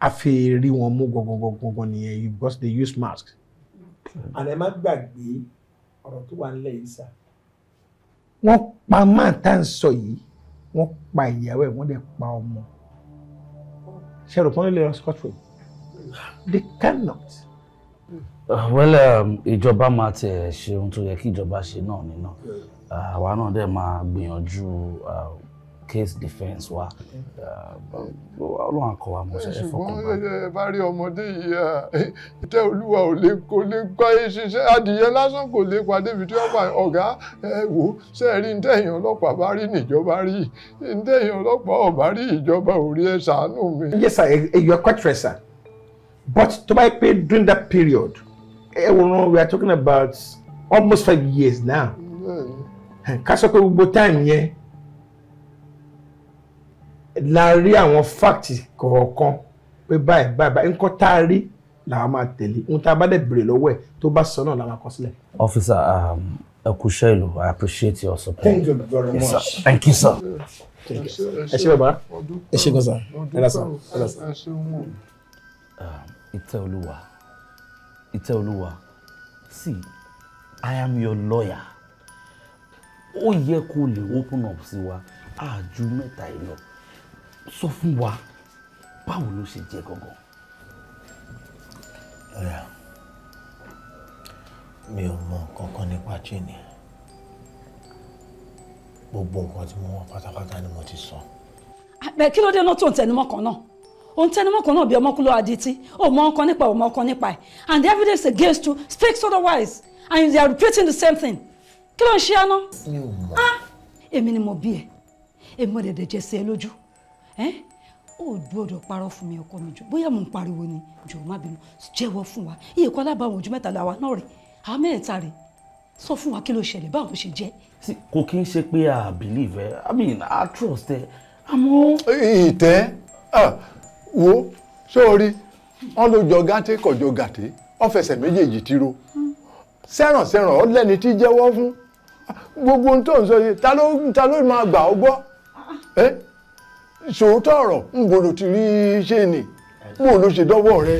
a fi rí wọn mú gbọ̀ngbọ̀ngbọ̀ngbọ̀n nìyẹn because they use mask. àlẹ́ má gbàgbé ọ̀rọ̀ tó wà nílẹ̀ yìí sá. wọ́n pa máa tá à ń sọ yìí wọ́n pa ìyàwó ẹ̀ wọ́n dẹ̀ pa ọmọ. ṣe rò pọ́n lè lọ scotland they cannot well um, ìjọba máa tiẹ̀ ṣe ohun tó yẹ kí ìjọba ṣe náà nínú uh, àwa náà dẹ̀ máa gbìyànjú uh, case defence wa uh, um, ọlọ́run àkọ́ wa mọ̀ṣẹ́ ẹ fọkàn bá. ṣùgbọ́n bá rí ọmọdé yìí ìtẹ́ olúwa ò lè kó lè gbá ṣiṣẹ́ adìyẹ lásán kò lè padé ibi tí wọ́n pa ọ̀gá ẹ wò ṣe é rí ntẹ̀yìn ọlọ́pàá bá rí níjọba rí ntẹ̀yìn ọlọ́pàá ò rí ìjọba ò rí ẹ ṣàánú mi. yes sir eh, eh, you are quite right, sir but to my yẹ during that period ẹwùrán we are talking about almost five years now ká sọ pé gbogbo time yẹn la rí àwọn fact kọ̀ọ̀kan pé báyìí báyìí báyìí nǹkan tá a rí làwọn máa tẹ̀lé ohun tá a bá dẹ̀ béèrè lọ́wọ́ ẹ̀ tó bá sọ náà làwọn kọ officer um, ẹ kú ìlú i appreciate your support. thank you very much. thank you sir. ẹ ṣé bàbá ẹ ṣé gan sa ẹ lásán ẹ lásán. Um, ìtẹ́ olúwa. Ìtẹ́olúwa see I am your lawyer ó yẹ kó lè open up sí wa àjù mẹ́ta yìí lọ sọ fún wa báwo ló ṣe jẹ́ gangan. lọ́yà mi ò mọ nǹkan nípa Jane gbogbo nǹkan tí mo wọ́n pátápátá ni mo ti sọ. àbẹ̀ ah, kí ló dé náà tó ń tẹnumọ́ kan náà òun tẹnumọ́ kan náà bí ọmọkú ló adití ó mọ ọkàn nípa ọmọ ọkàn nípa ẹ̀ and the evidence against you speaks otherwise and they are repeating the same thing kí ló ń ṣe àná. Ah! èmi ni mo bí ẹ èmi ò dẹ̀dẹ̀ jẹ́ sí ẹ lójú ó gbọ́dọ̀ parọ́ fún mi ọkọ mi jọ bóyá mò ń pariwo ni jọ̀ọ́ má bínú jẹ́wọ́ fún wa iye kan lábàwọn ojú mẹ́ta làwa náà rè á mẹ́ẹ̀ta rè sọ fún wa kí ló ṣẹlẹ̀ báwo ṣe jẹ́. kò kí n ṣe pé i believe ẹ i mean i trust ẹ àmọ́. ìtẹ́ ah, wo sórí wọn ló jọ gàtẹ kọjọ gàtẹ ọfẹsẹ méjèèjì tiro sẹràn sẹràn ọ lẹni tí jẹ́wọ́ fún gbogbo ohun tó ń sọ yìí ta ló ta ló máa gbà ọ gbọ́ ẹ sòótọ́ ọ̀rọ̀ ń bolo ti rí ṣé ni bó ló ṣe rẹ.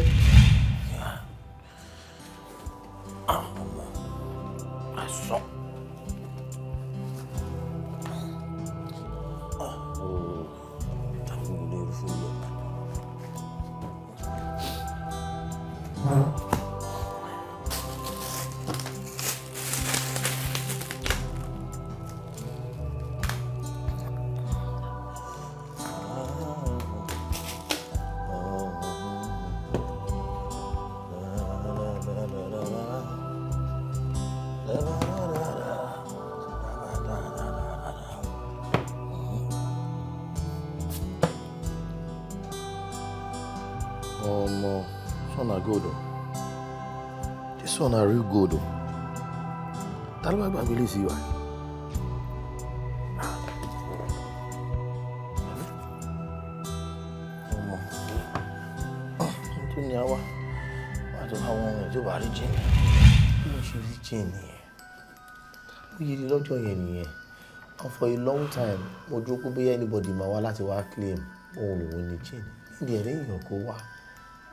gold o ta ló bá gbàgbé lè sí wa. tó ní àwa wà tó bá wọn tó bá rí jìn bí mo ṣe rí jìn nìyẹn mo yí di yẹn nìyẹn for a long time mo jókòó bóyá anybody máa wá láti wá claim òun lòun ní jìn níbi ẹ̀rẹ́ èèyàn kó wá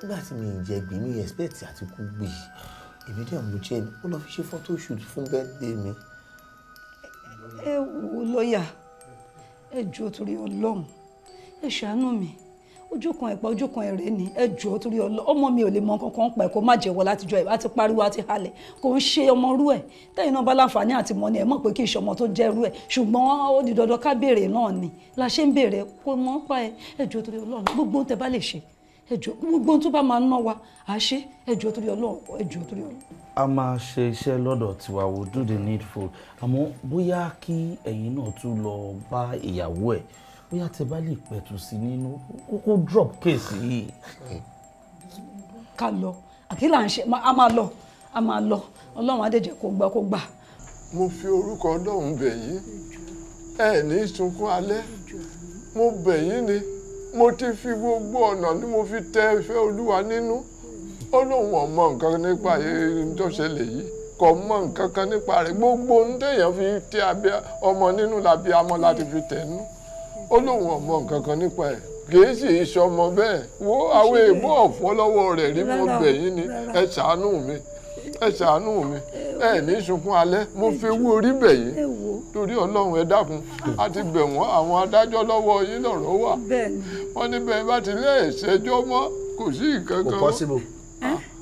nígbà tí mi ì jẹ gbé expect àti kú gbé èmi dẹ̀ mú jẹ́ ni ó lọ fi ṣe photo shoot fún birthday mi. ẹ wo lọ́ọ̀yà ẹ jọ̀ọ́ torí ọlọ́run ẹ ṣàánú mi ojú kan ẹ̀pẹ́ ojú kan ẹ̀rẹ́ ni ẹ jọ̀ọ́ torí ọlọ́ ọmọ mi ò lè mọ nǹkan kan pẹ̀ kó má jẹ́wọ́ látijọ́ ẹ̀ àti pariwo àti halẹ̀ kò ń ṣe ọmọ rú ẹ̀ tẹ́yìn náà bá láǹfààní àti mọ́ ni ẹ̀ mọ̀ pé kì í ṣe ọmọ tó jẹ́ rú ẹ̀ ṣùgbọ́n ó di dandan ká béèrè náà ni la ṣe ń béèrè kó mọ́ pa ẹ ẹ jọ̀ọ́ torí ọlọ́run gbogbo ohun tẹ́ bá lè ṣe ẹjọ gbogbo tó bá máa ń ná wa à ṣe ẹjọ torí Ọlọ́run ẹjọ torí Ọlọ́run. a máa ṣe iṣẹ́ lọ́dọ̀ tiwa we do the needful àmọ́ bóyá kí ẹ̀yin náà tún lọ bá ìyàwó ẹ̀ bóyá tẹ bá lè pẹ̀tù sí nínú kókó drop case yìí. ká lọ àkílà ń ṣe a máa lọ a máa lọ Ọlọ́run á dẹ̀ jẹ́ kó gbà kó gbà. mo fi orúkọ Ọlọ́run bẹ̀ yín ẹ ní sunkún alẹ́ mo bẹ̀ yín ni. mo ti fi gbogbo ọ̀nà ni mo fi tẹ ìfẹ́ olúwa nínú ó lóun ọmọ nǹkan nípa èyí yìí kò mọ nǹkan kan nípa rẹ̀ gbogbo ohun téèyàn fi tẹ ọmọ nínú làbí amọ láti fi tẹnu ó lóun ọmọ nǹkan kan nípa ẹ̀ kìí sì í sọmọ bẹ́ẹ̀ wo àwọn èèbó torí ọlọ́run ẹ dákun àti bẹ̀ wọ́n àwọn adájọ́ lọ́wọ́ yín lọ́rọ̀ wà wọ́n ní bẹ́ẹ̀ bá ti lé ìṣẹ́jọ́ mọ́ kò sí nǹkan kan. possible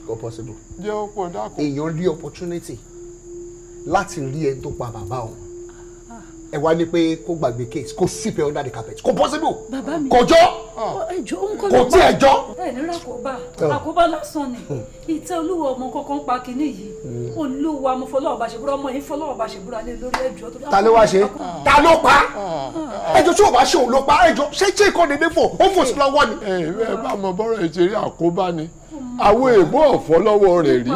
kò possible. jẹ́ ọ̀pọ̀ dákun. èèyàn rí opportunity láti rí ẹni tó pa bàbá òun ẹ wá ní pé kó gbàgbé case kó sweep ẹ under the carpet kò possible kò jọ kò tí ẹ jọ. ẹ nira àkóbá àkóbá lásán ni ìtẹ́ olúwa ọmọ kankan pa kínní yìí hmm. olúwa mo fọlọ́ ọba ṣèbúra ọmọ yìí fọlọ́ ọba ṣèbúra lé lórí ẹjọ́ tó dáa. ta ló wá ṣe ta ló pa hmm. ẹjọ́ tí o bá ṣe òun ló pa ẹjọ́ ṣé ṣé ikọ̀ dédé fò ó fò sí hmm. lọ́wọ́ ni. ẹ ẹ bá mọ bọ́rọ̀ ẹ̀ ṣe rí àkóbá ni àwọn èèbó ọ̀fọ́ lọ́wọ́ rẹ̀ rí.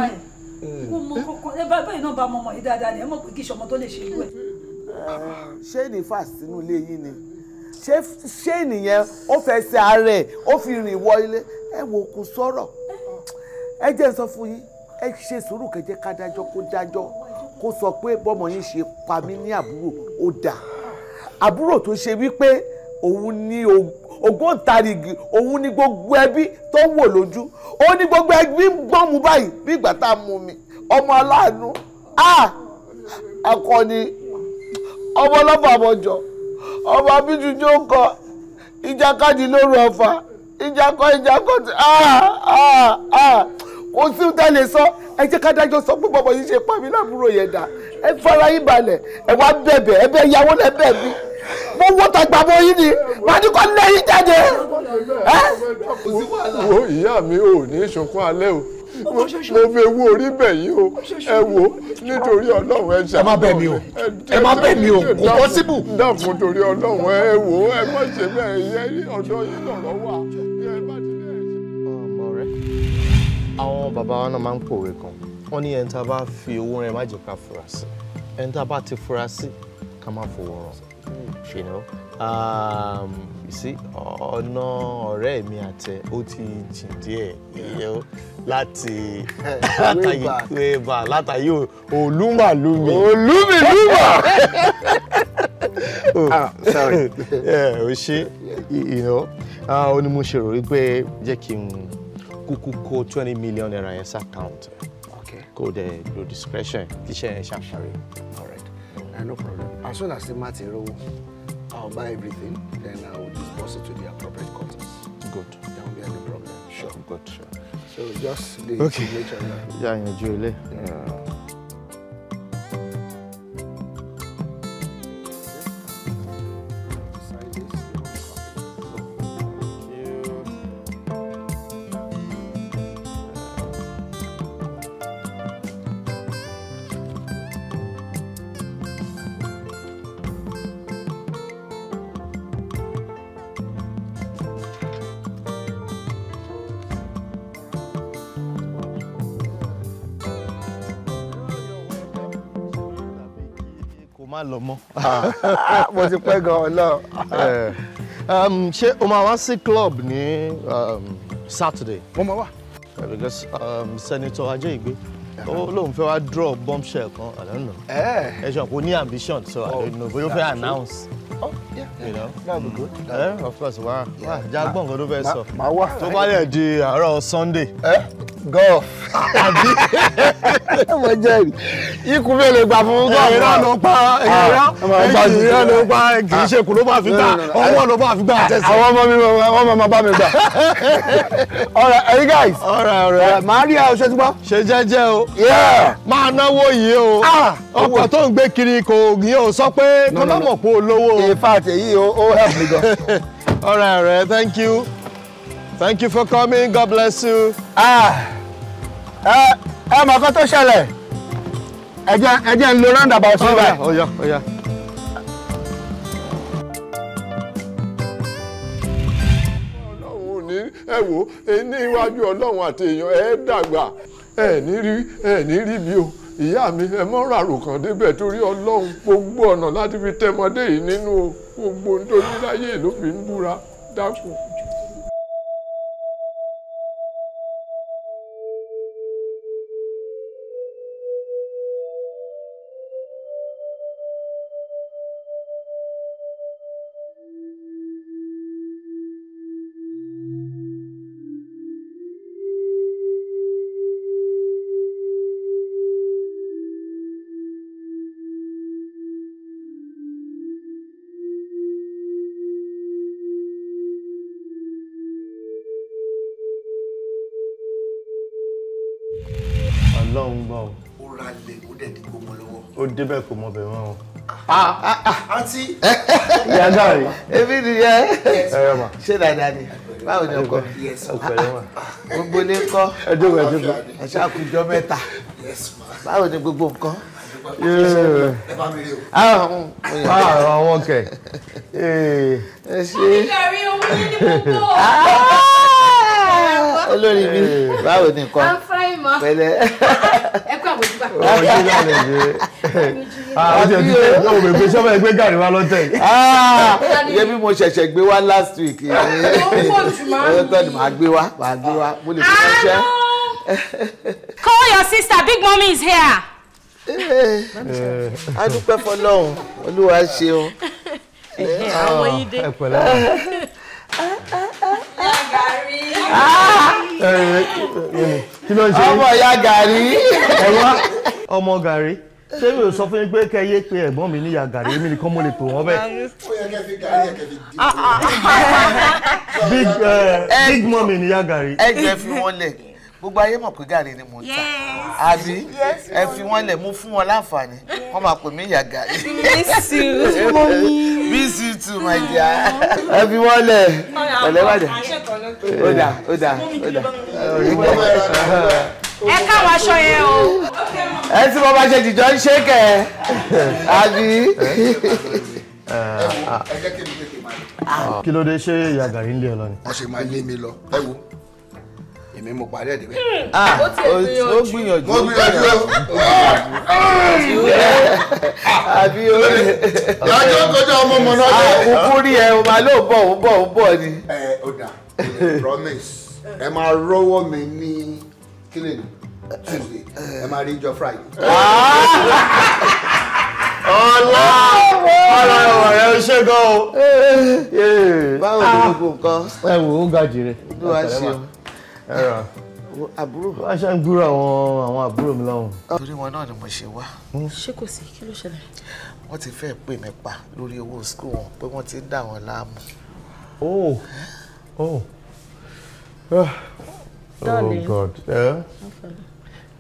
mo mọ kọkọ ẹ bá báyìí náà bá mọ ọmọ yìí dáadáa ni ẹ mọ̀ pé kí ìṣọmọ tó lè ṣe irú ẹ̀ ṣé ní fà sínú ilé yín ni ṣé nìyẹn ó fẹ́ ṣe ara ẹ̀ ó fi rìn wọ ilé ẹ wò kó sọ̀rọ̀ ẹ jẹ́ sọ fún yín ẹ ṣe sùúrù kẹjẹ ká dájọ́ kó dájọ́ kó sọ pé bọ́mọ yín ṣe pa mí ní àbúrò ó dà àbúrò tó ṣe wípé òun ní ògbóǹtarìgì òun ní gbogbo ẹbí tó wò lójú òun ní gbogbo ẹbí ń gbọ́n mu báyìí bí ìgbà tá a mú mi ọmọ aláàánú ah! akọni. Ah, ọmọ ọlọ́fà àmọ̀jọ ọmọ abíjú ni ó kọ ìjàkadì lóru ọ̀fà ìjàkọ ìjàkọ ti ah, ah, ah. kò sí ń tẹ́lẹ̀ sọ ẹ jẹ́ ká dájọ́ sọ pé bọ́bọ̀ yìí ṣe pa mí lábúrò yẹn dà ẹ fara yín balẹ̀ ẹ wá bẹ̀bẹ̀ ẹ lẹ mo wọ́ tàgbà ni màá ní mo fi ewu orí bẹ̀ o ẹ wo nítorí ọlọ́run ẹ ṣàkóso ẹ má bẹ̀ mí o ẹ má bẹ̀ mí o kò pọ́síbù. dáàbò torí ọlọ́run ẹ wò ẹ má ṣe bẹ́ẹ̀ yẹ ọ̀dọ́ yín lọ̀rọ̀ wà. àwọn bàbá wa náà máa ń pòwe kan wọ́n ní ẹni tá a bá fi owó rẹ̀ má jẹ́ ká fura sí ẹni tá a bá ti fura sí ká má fowó rán ṣe ni ó sí ọ̀nà ọ̀rẹ́ mi àtẹ ó ti jìn díẹ̀ láti látàyè pébà látàyè olúmàlúmi. olúmìlúmà. Oh. ah sorry. ó eh, ṣe ah, ó ní mo ṣe rò wípé jẹ́ kí n kúkú kó twenty million naira yẹn sàkáùntì kó dẹ̀ lo discretion tíṣẹ́ yẹn ṣàparí. all right eh, no problem as soon as the matter roll. I'll buy everything, then I will dispose it to the appropriate quarters. Good. There won't be any problem. Sure. Good. Sure. So just the okay. signature. Yeah, in Julie. Yeah. yeah. má lọ mọ́. Ah. mo ti pẹ́ gan-an eh. um, ṣé o máa wá sí club ní um, Saturday. mo máa wà. Eh, because um, Senator Ajayigbe uh-huh. lóun fẹ́ wá draw bombshell kan I don't know. Eh. ẹ ṣe kò ní ambition so I don't know bóyá o fẹ́ oh, announce. Oh, yeah, yeah. You know? That be mm. good. That yeah, of course. Wá, wá, jagbọ́n kan ló fẹ́ sọ. Màá wà. Tó bá Sunday. Eh? gọf àbí ọmọ jẹrìí ikú mi ò lè gbà fún gọf. ìran ló pa ìran ah, ìran ló pa kì í ṣe kù ló bá fi gbà ọwọ́ ló bá fi gbà. Ah, àwọn ọmọ mi wọ́n máa bá mi gbà. ọ̀rẹ́ ẹ̀yin guys. ọ̀rẹ́ ọ̀rẹ́ eh, màá rí ẹ o ṣe tí wọ́n. ṣe jẹ́jẹ́ o. máa náwó yìí o. Ah, ọkọ̀ tó ń gbé kiri kò yóò sọ pé kó lọ́mọ̀ pé olówó. in fact èyí ó help me gan. ọ̀rẹ́ ọ̀rẹ́ thank you. Thank you for coming. God bless you. Ah. e ẹ mọ kan tó ṣẹlẹ̀ ẹ jẹ́ ẹ jẹ́ ọlọ́run iwájú ọlọ́run àti èèyàn ẹ dàgbà ẹ ní rí ẹ ní rí bí o ìyá mi ẹ gbogbo ọ̀nà láti fi yìí nínú gbogbo ohun tó ní láyé débẹ̀ kò mọ bẹ̀ mọ́ o. Ah. Ah, ah, àǹtí. ìyá gàrí. ebi nìyẹn ṣé dáadáa ni báwo ni ọkọ gbogbo ní kọ ẹ ṣàkùjọ mẹ́ta báwo ni gbogbo nǹkan àwọn wọn kẹ. nítorí owó ní gbogbo. olórí mi báwo ni nǹkan pẹ̀lẹ́. ẹ ọmọ tí náà lè jẹ àwọn tí ti tẹ náà òbègbè sọmọ ẹgbẹ gàrí wa lọtẹ. iye bí mo ṣẹ̀ṣẹ̀ gbé wá last week ọjọ́ tó ni màá gbé wá màá gbé wá mo lè fi ránṣẹ́. call your sister big mommy is here. Eh, a dúpẹ́ fọlọ́run olúwa ṣeun. àwọn yìí dé. Ah, Ah! Eh, eh, kí ló ń ṣe ọmọ ìyá gàrí. ọmọ gàrí ṣé mi ò sọ fún yín pé kẹ́ yé pé ẹ̀gbọ́n mi ní ìyá gàrí èmi nìkan mo lè pè wọ́n bẹ́ẹ̀. Eh, big mommy ní ìyá gàrí. ẹ jẹ́ fi wọ́n lẹ̀ gbogbo ayé mọ̀ pé gàrí ni mo ń ta àbí ẹ fi wọ́n lẹ̀ mú fún wọn láǹfààní wọ́n máa pè mí ìyá gàrí. miss you too my dear. ẹ fi wọ́n lẹ̀ ọ̀lẹ́ bàjẹ́ ó dà ó dà ó dà. ẹ káwọn aṣọ yẹn o. ẹ tí mo bá ṣe jìjọ ń ṣe kẹ àbí. kí ló dé ṣé ìyá gàrí ń lé ọ lọ ni. wọ́n máa lé mi lọ ẹ wo èmi mo parí ẹ̀ débẹ̀. Ah, ó gbìyànjú ó gbìyànjú àbí orí. ìyájọ́ kọjá ọmọ ọmọ náà. àkùkù ah, rí ẹ o máa ló bọ̀ ó bọ̀ ó bọ̀ ni. ẹ ó dà promise ẹ máa rọ́wọ́ mi ní kílè ní tuesday ẹ máa rí jọ friday. Ah! ọlá ọlá ọ̀rẹ́ o ṣe gan o. báwo ni gbogbo nǹkan. ẹ wò ó gajì rẹ. olúwa ṣeun ẹ̀rọ àbúrò. wọ́n ṣe ń gbúrò àwọn àwọn àbúrò mi lọ́hùn. torí wọn náà ni mo ṣe wá. Hmm. ṣé kò sí kí ló ṣẹlẹ̀. wọ́n ti fẹ́ pè mí pa lórí owó school wọn pé wọ́n ti ń dà wọ́n láàmú. oh oh ah. oh, god yeah.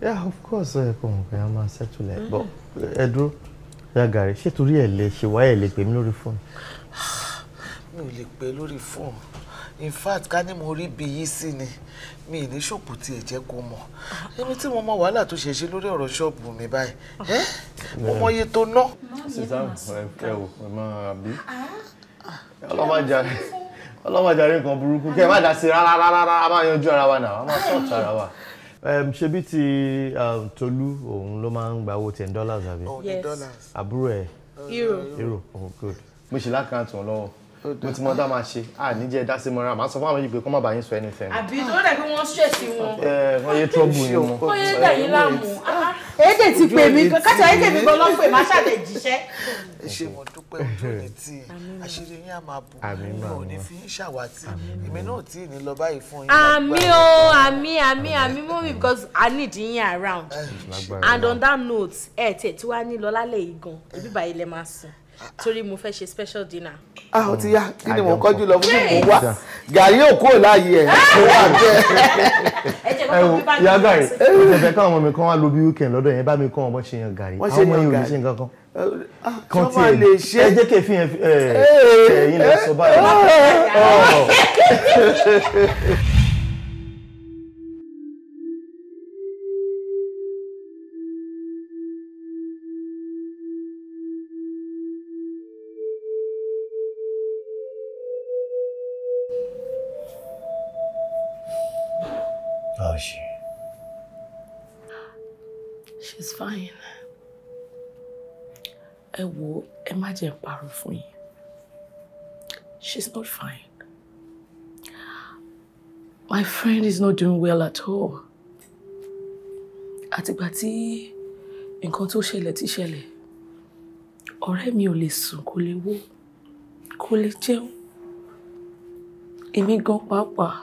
yeah of course ẹ eh, kò mọ̀ pé a máa ṣẹ́tùlẹ̀ mm-hmm. bọ́ eh, ẹ dúró yàgàrí ṣé torí ẹ̀ lè ṣe wáyé lè pè mí lórí fóònù. mi ò lè pè lórí fóònù in fact ká ní mo rí bí yìí sí ni mi ì ní ṣòkò tí ẹ jẹ́ kó mọ̀ ẹni tí mo mọ wàhálà tó ṣe ṣe lórí ọ̀rọ̀ ṣọ́ọ̀bù mi báyìí ẹ́ mo mọ iye tó ná. sisan ẹ o ẹ máa bí ọlọ́mọdéjàre ọlọ́mọdéjàre kan burúkú kẹ́ ẹ má dá sí rárá rárá a máa yanjú ara wa náà a máa sọ̀tà ara wa ṣebí ti um, Tolú òun ló máa ń gba owó ten dollars àbí àbúrò ẹ euro euro oh good mo ṣe lákàntàn lọ́wọ́ mo ti mọ dá máa ṣe à ní jẹ́ dá sí mọ́ra màá sọ fún àwọn ìgbé kó má bàa yín sọ anything. àbí tó dẹ̀ kí wọ́n ṣẹ̀sì wọn. ẹ wọ́n yé trọ́bù yín wọn. wọ́n yé dà yín láàmú. Ah, ah. èdè ti pè mí kájà èdè mi gan lọ́pẹ̀ má ṣàlẹ̀ jíṣẹ́. ẹ ṣe mo dúpẹ́ ojú ẹ̀ tí àṣírí yín á máa bù mí ò ní fi ń ṣàwátì èmi náà tí ì ní lọ báyìí fún yín. àmì o àmì àmì àmì mọ́mí because I need yín around and on that note ẹ̀ tẹ̀ tí wàá ní lọ lálẹ́ yìí gan ebi báyìí lẹ máa sùn torí mo fẹ́ ṣe special dinner. a ah, ò ti yá kí ni mo kọjú lọ fún mi wá gàrí ò kúrò láàyè ah! ẹ kó wà bẹ́ẹ̀. ẹ wo ìyá gàrí ìfẹ́ káwọn ọmọ mi kan wá lo bí weekend lọ́dọ̀ yẹn bá mi kọ́ ọmọ ṣe yan gàrí àwọn ọmọ yìí ò ní ṣe nǹkan kan ah, kan tí ẹ lè ṣe ẹ jẹ́ kí fi ẹ̀yin lè sọ báyìí. ẹ wo ẹ má jẹ́ parọ́ fún yín she's not fine my friend is not doing well at all àtìgbà tí nǹkan tó ṣẹlẹ̀ ti ṣẹlẹ̀ ọ̀rẹ́ mi ò lè sùn kò lè wó kò lè jẹun èmi gan pàápàá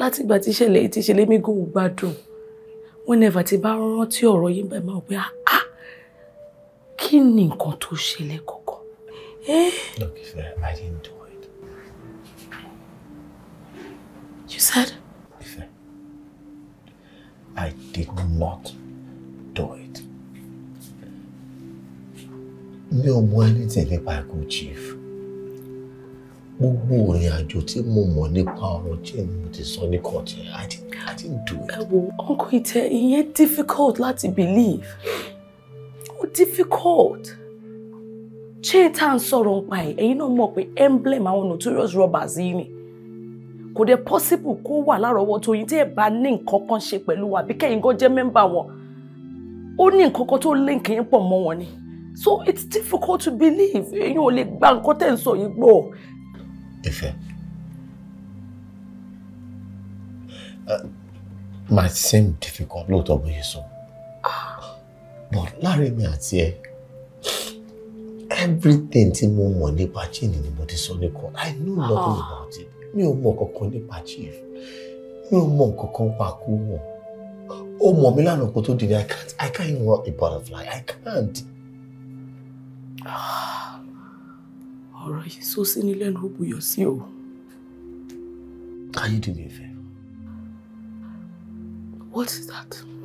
láti ìgbà tí ìṣẹ̀lẹ̀ yìí ti ṣẹlẹ̀ mi gan ò gbádùn whenever ti bá rántí ọ̀rọ̀ yín bẹ́ẹ̀ máa wí ah kí nǹkan tó ṣẹlẹ̀ kankan. Eh? Look, Ife, I didn't do it. You said? Ife, I did not do it. Mi ò mọ anything nípa ikú chief. Gbogbo ìrìn àjò tí mo mọ̀ nípa ọ̀rọ̀ jẹ́ ni mo ti sọ ní kọ̀ọ̀tì. I didn't do it. Ẹ wo, uncle Ite, ìyẹn difficult láti believe difficult ṣé tá à ń sọ̀rọ̀ ń pa ẹ̀ ẹ̀yin náà mọ̀ pé emblem àwọn notorious robbers yìí ni kò dé possible kó wà lárọ̀ọ́wọ́tó yín tí ẹ̀ bá ní nǹkan kan ṣe pẹ̀lú wa bí kẹ́yìn gan jẹ́ mẹ́mbà wọn ó ní nǹkan kan tó link yín pọ̀ mọ́ wọn ni so it's difficult to believe èyàn ò lè gba nǹkan tẹ̀ ń sọ yìí gbọ́. Ìfẹ́ uh, might seem difficult lóòótọ́ bó ṣe sọ. Ah but láàrin mi àti ẹ everything tí mo mọ̀ nípa chief ni mo ti sọ ní kan i know ah. nothing about it mi ò mọ̀ kankan nípa chief mi ò mọ̀ kankan pa kú wọn ó mọ̀ mí lánàá kó tó dìde i can't i can't even rock a butterfly i can't. Ah. ọ̀rọ̀ yìí sọ sí ni lẹ́nu ó buyọ̀ sí o. can you do me a favour. what is that.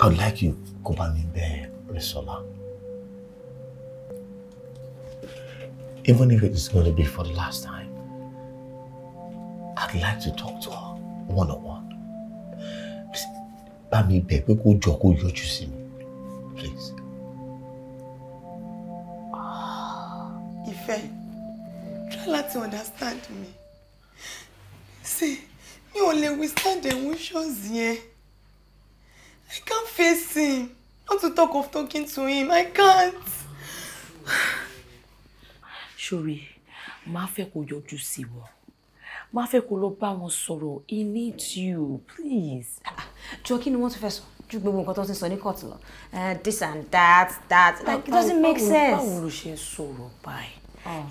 I would like you to kó bá mi bẹ̀ Rẹ̀sọ́lá. Even if it is going to be for the last time, I'd like to talk to her one on one. Bá mi bẹ̀ pé kó jọ kó yọjú sí mi, please. Ìfẹ́, ah, try to understand me. Ṣé mi ò lè withstand emotions yẹn? talk of talking to him. I can't. Shuri, máa fẹ́ kó yọjú sí wọn. Máa fẹ́ kó lọ bá wọn sọ̀rọ̀. He needs you, please. Jọ kí ni wọ́n tún fẹ́ sọ? Ju gbogbo nǹkan tó ti sọ ní kóòtù lọ. Eh, this and that, that. Like, it doesn't make sense. Báwo ló ṣe ń sọ̀rọ̀ báyìí? à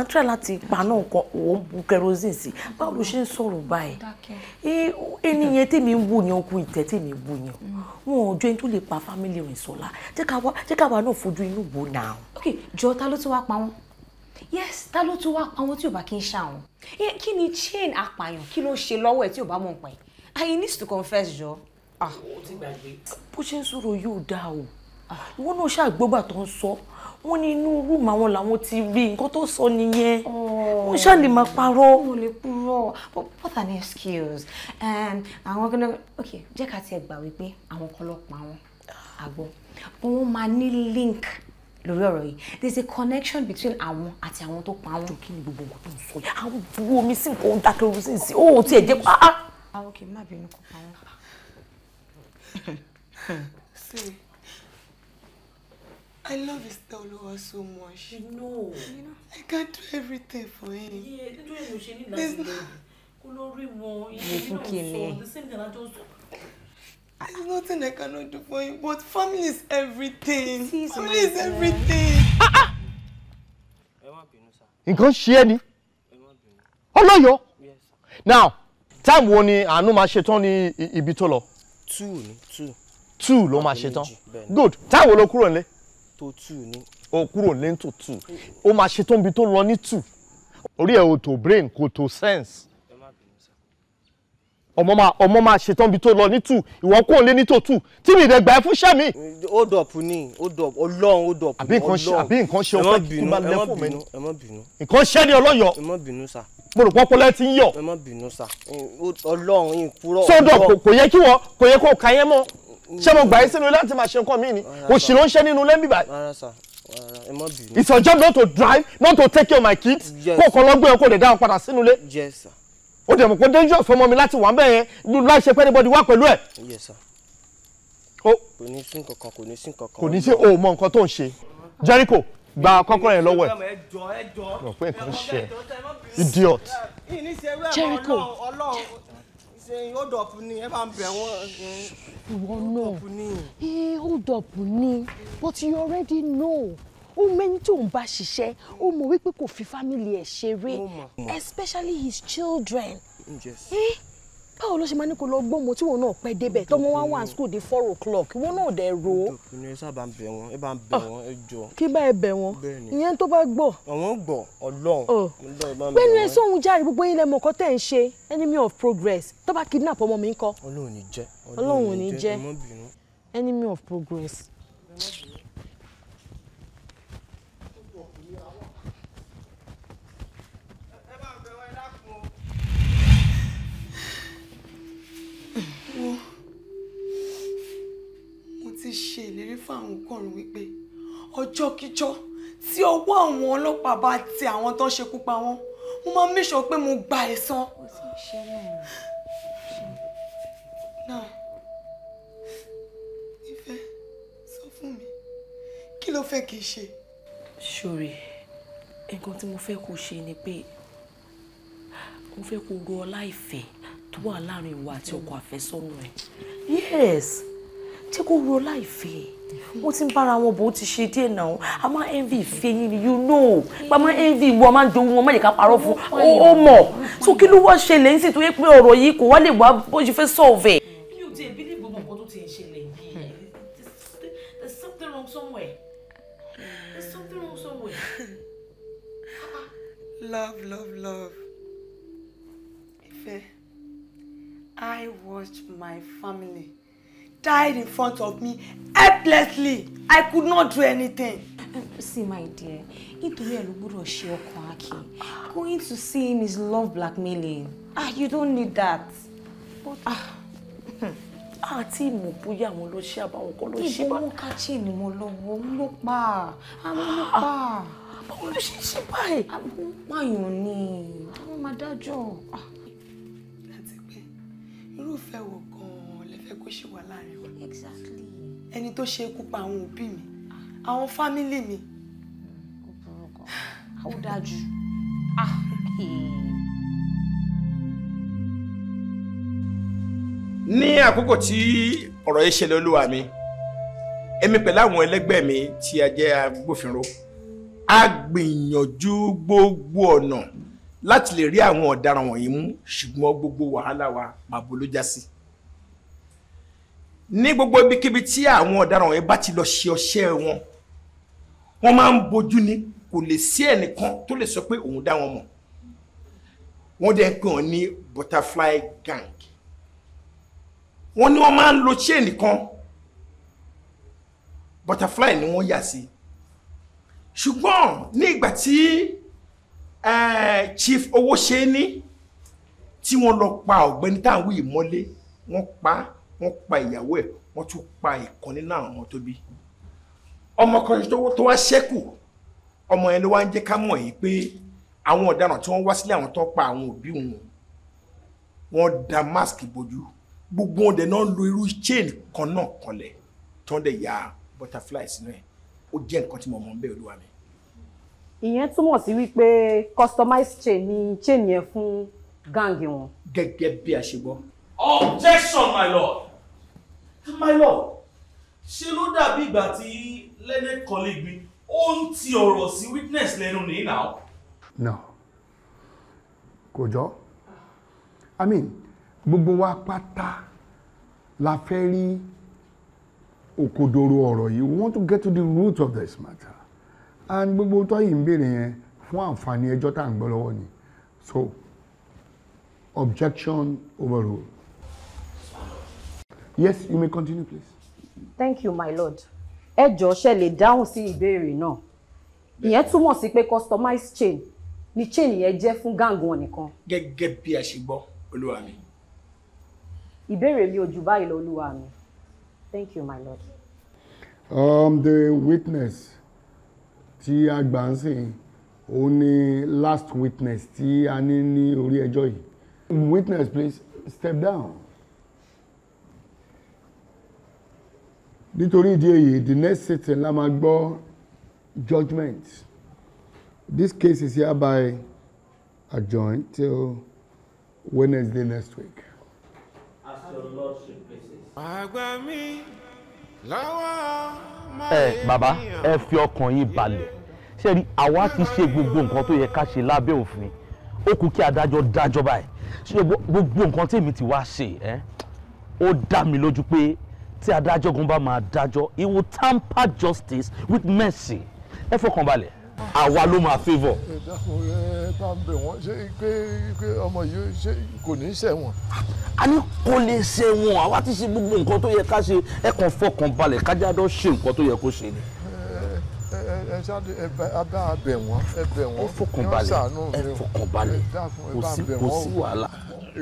ń try láti paná nǹkan òun bu kerosene sí báwo ló ṣe ń sọ̀rọ̀ báyìí ẹni yẹn tèmi ń wò yẹn okùn ìtẹ́ tèmi ń wò yẹn wọn ò jọ ẹni tó lè pa family Rìnsọ́lá jẹ́ ká wa náà fojú inú wò náà. ok jọ ta ló tún wá pa wọn yes ta ló tún wá pa wọn tí ò bá kí n ṣá wọn kí ni chain apààyàn kí ló ṣe lọ́wọ́ ẹ̀ tí ò bá mọ̀ pẹ́ i need to confess jọ. Ah. bó ṣe ń sọ̀rọ̀ yóò dáa o ìwọ náà ṣàgbọ́gbà tó ń sọ. So wọ́n ní inú rúùmù àwọn làwọn ti rí nǹkan tó sọ nìyẹn oh. wọ́n ṣáà lè máa parọ́. wọ́n lè purọ́ but what are the skills àwọn kan náà ok jẹ́ ká tiẹ̀ gbà wípé àwọn kan lọ pa wọn àgbọ̀ but wọ́n máa ní link lórí ọ̀rọ̀ yìí there is a connection between àwọn àti àwọn tó pa wọn. jọ kí ni gbogbo nǹkan tó ń sọ yìí àwọn bu omi sí nǹkan dákẹ́ omi sí ń sìn ó ò tiẹ̀ jẹ́ pa. Ah, ah. ah, ok má bínú I love Esther Oluwa so much. You know. You know. I can't do everything for him. Yeah, do it with Shani last day. the same thing I just There's nothing I cannot do for him, but family is everything. It is family is everything. Nǹkan ṣe é ni. Ọlọ́yọ̀. Hello, time Yes, ni àánú máa ṣe tán ní ibi tó lọ? Two ni two. Two ló my ṣe on. Good. Time wo ló kúrò tó tù ni. o kúrò ní tó tù o máa ṣe tó ń bi tó lọ ní tù orí ẹ̀ o tó brain kò tó sense ọmọ máa ọmọ máa ṣetán bí tó lọ ní tù ìwọ kò lé ní tó tù tí mi ìdẹ̀gbà ẹ fún ṣẹ́ mi. ó dọ̀pù ni ó dọ̀pù ọlọ́run ó dọ̀pù ọlọ́run àbí nǹkan ṣe ọpẹ́ kí n bá lẹ́ fún mi. ẹ má bínú nǹkan ṣẹ́ ni ọlọ́yọ̀. ẹ má mo rò pọ́pọ́lẹ́ ti ń yọ̀. ẹ má ọlọ́run ìkúrọ̀. kò yẹ kí wọ́n kò yẹ kó ka yẹn mọ́ ṣé mo gbà yín sínú ilé àti máa ṣe nǹkan mi ni òṣì ló ń ṣe nínú ilé mi báyìí. It's your job not to drive not to take care of my kids kó kọ́ lọ́gbọ́n yẹn kó lè dá wọn padà sínú ilé. ó dẹ̀ mọ̀ pé dangerous fọmọ mi láti wà ń bẹ̀ yẹn láì ṣe pé anybody wà pẹ̀lú ẹ̀. kò ní sí nǹkankan kò ní sí nǹkankan. kò ní sí o mọ nǹkan tó ń ṣe Jericho gba kọ́kọ́rọ́ yẹn lọ́wọ́ ẹ̀ rò pé nǹkan ṣe idiot. Jericho ṣe hold up ni ẹ eh, hold up ni but you already know ó mẹ́ni tó ń bá ṣiṣẹ́ ó mọ̀ wípé fi family ẹ̀ ṣeré especially his children. Yes. Eh? báwo ló ṣe máa ní kó lọ gbọ́n mo tí wọn náà pẹ́ débẹ̀ tọ́mọ wá wà school di four o'clock ìwọ náà dẹ̀ ro. ìpinnu ẹ sábà ń bẹ̀ wọ́n ẹ bá ń bẹ̀ ah, wọ́n ẹ jọ. kí bá ẹ bẹ̀ wọ́n ìyẹn tó bá gbọ́. àwọn ń gbọ́ Ọlọ́run. pẹ̀lú oh. ẹ sóhun járe gbogbo yín lẹ mọ̀ kọ́ tẹ̀ ń ṣe enemy of progress tó bá kidnap ọmọ mi ń kọ́. Ọlọ́run ò ní jẹ́ Ọlọ́run ò ní jẹ́ enemy of progress. ṣe ìlérí fún àwọn òǹkọ̀rùn wípé ọjọ́kíjọ́ tí ọwọ́ àwọn ọlọ́pàá bá tẹ àwọn tó ń ṣekú pa wọ́n mo máa make sure pé mo gba ẹ̀san. ó ti ń ṣe náà. náà sọ fún mi kí ló fẹ́ kí ṣe. ṣòrè nǹkan tí mo fẹ́ kó ṣe ni pé mo fẹ́ kó ro ọlá ìfẹ́ tó wà láàrin ìwà àti ọkọ àfẹ́sọ́nà ẹ̀. yes jẹ́ kó ro láìfẹ́ wọ́n ti ń bára wọn bò ti ṣe díẹ̀ náà a máa envy ìfẹ́ yín ni you know pa máa envy ìwọ máa ń jowú wọn má yẹ ká parọ́ fún ó mọ̀ so kí ló wá ṣẹlẹ̀ ń sì tó yẹ pé ọ̀rọ̀ yìí kò wá lè wá bó ṣe fẹ́ solve. mi ò tiẹ̀ bílí gbogbo nǹkan tó ti ń ṣẹlẹ̀ yìí there's something wrong somewhere there's something wrong somewhere. love love love Ife I watch my family died in front of me helplessly. I could not do anything. See, my dear, nítorí ẹ̀ ló gbọ́dọ̀ ṣe ọkàn Akin. Going to see him is love blackmailing. Ah, you don't need that. But, ah. Hmm. ah, àti ìmọ̀ bóyá àwọn ló ṣe àbáwọn kan ló ṣe bá. ìbọn ká tí ni mo lọ́wọ́ ló pa àwọn ló pa. Ah, báwo ló ṣe ṣe báyìí. àwọn pààyàn ni àwọn máa dájọ́. Ah. láti pé irúfẹ́ wo fẹ́ kó ṣì wà láàrin wa. exactly. ẹni tó ṣe ikú pa àwọn òbí mi àwọn fámílì mi. ó ah. ní àkókò tí ọ̀rọ̀ yìí ṣẹlẹ̀ olúwa mi èmi pẹ̀lú àwọn ẹlẹ́gbẹ́ mi tí a jẹ́ agbófinró a gbìyànjú gbogbo ọ̀nà láti lè rí àwọn ọ̀daràn wọ̀nyí mú ṣùgbọ́n gbogbo wàhálà wa màbo ló já sí ní gbogbo ibikíbi tí àwọn ọ̀daràn ẹ bá ti lọ ṣe ọṣẹ́ wọn wọ́n máa ń bojú ni kò lè sí ẹnìkan tó lè sọ pé òun dá wọn mọ̀ wọ́n dẹ̀ ń pè wọ́n ní butterfly gang wọ́n ní wọ́n máa ń lo chain kan butterfly ni wọ́n yà sí ṣùgbọ́n ní ìgbà tí eh, chief owó ṣe ní tí wọ́n lọ pa ọ̀gbẹ́ni táwọn ìmọ́lé wọ́n pa á wọ́n pa ìyàwó ẹ̀ wọ́n tún pa ìkan nínú àwọn ọmọ tó bí ọmọ kan tó wá ṣẹ́kù ọmọ yẹn ló wá ń jẹ́ ká mọ̀ yìí pé àwọn ọ̀daràn tí wọ́n wá sílé àwọn tó pa àwọn òbí wọn wọ́n da mask bojú gbogbo wọn dẹ̀ náà lo irú chain kan náà kanlẹ̀ tí wọ́n dẹ̀ ya butterfly sínú ẹ̀ ó jẹ́ nǹkan tí mo mọ̀ ń bẹ́ẹ̀ olúwa mi. ìyẹn túmọ̀ sí wípé customized chain ni chain yẹn fún gáàngì wọn. gẹ́gẹ́ bí a ṣe gbọ́ objection my lord my lord ṣe ló dàbí ìgbà tí learned colleague mi ó ń ti ọ̀rọ̀ sí witness lẹ́nu ní now. no kò jọ i mean gbogbo wa pátá la fẹ́ rí òkodoro ọ̀rọ̀ yìí we want to get to the root of this matter and gbogbo tó yìí ń béèrè yẹn fún àǹfààní ẹjọ́ tá à ń gbọ́ lọ́wọ́ ni so objection overruled. Yes, you may continue, please. Thank you, my lord. Ẹ jọ̀ọ́ ṣe lè dáhùn sí ìbéèrè náà. Ìyẹn túmọ̀ sí pé customized chain ni chain yẹn jẹ́ fún gáàngù wọn nìkan. Gẹ́gẹ́ bí a ṣe gbọ́, olúwa mi. Ìbéèrè mi ò jù báyìí lọ, olúwa mi. Thank you, my lord. Um, the witness tí a gbà ń sìn òun ni last witness tí a ní ní orí ẹjọ́ yìí. Witness, please step down. nítorí ìdí èyí the next sitting la máa gbọ́ judgment this case is hereby adjourned till Wednesday next week. as your lordship pleases. àgbà mi lọ́wọ́ máa yẹ kí ọ. ẹ bàbá ẹ fi ọkàn yín balẹ̀ ṣé rí àwa ti ṣe gbogbo nǹkan tó yẹ ká ṣe lábẹ́ òfin ó kù kí adájọ́ dájọ́ báyìí ṣé gbogbo nǹkan tèmi ti wá ṣe eh, ó dá mi lójú pé tí adájọ́ gan bá máa dájọ́ he will tamper justice with mercy ẹ fọkàn balẹ̀ àwa ló máa favour. ẹ dákun bá ń bẹ̀ wọ́n ṣé pé pé ọmọ yìí ṣé kò ní í a ní kò lè ṣẹ̀wọ̀n àwa ti ṣe gbogbo nǹkan tó yẹ ká ṣe ẹ kàn fọkàn balẹ̀ kájà dán ṣe nǹkan tó yẹ kó ṣe ni. ẹ ẹ ṣáàdì ẹ bá a bẹ̀ wọ́n ẹ bẹ̀ wọ́n ẹ fọkàn balẹ̀ ẹ fọkàn balẹ̀ kò sí wàhálà.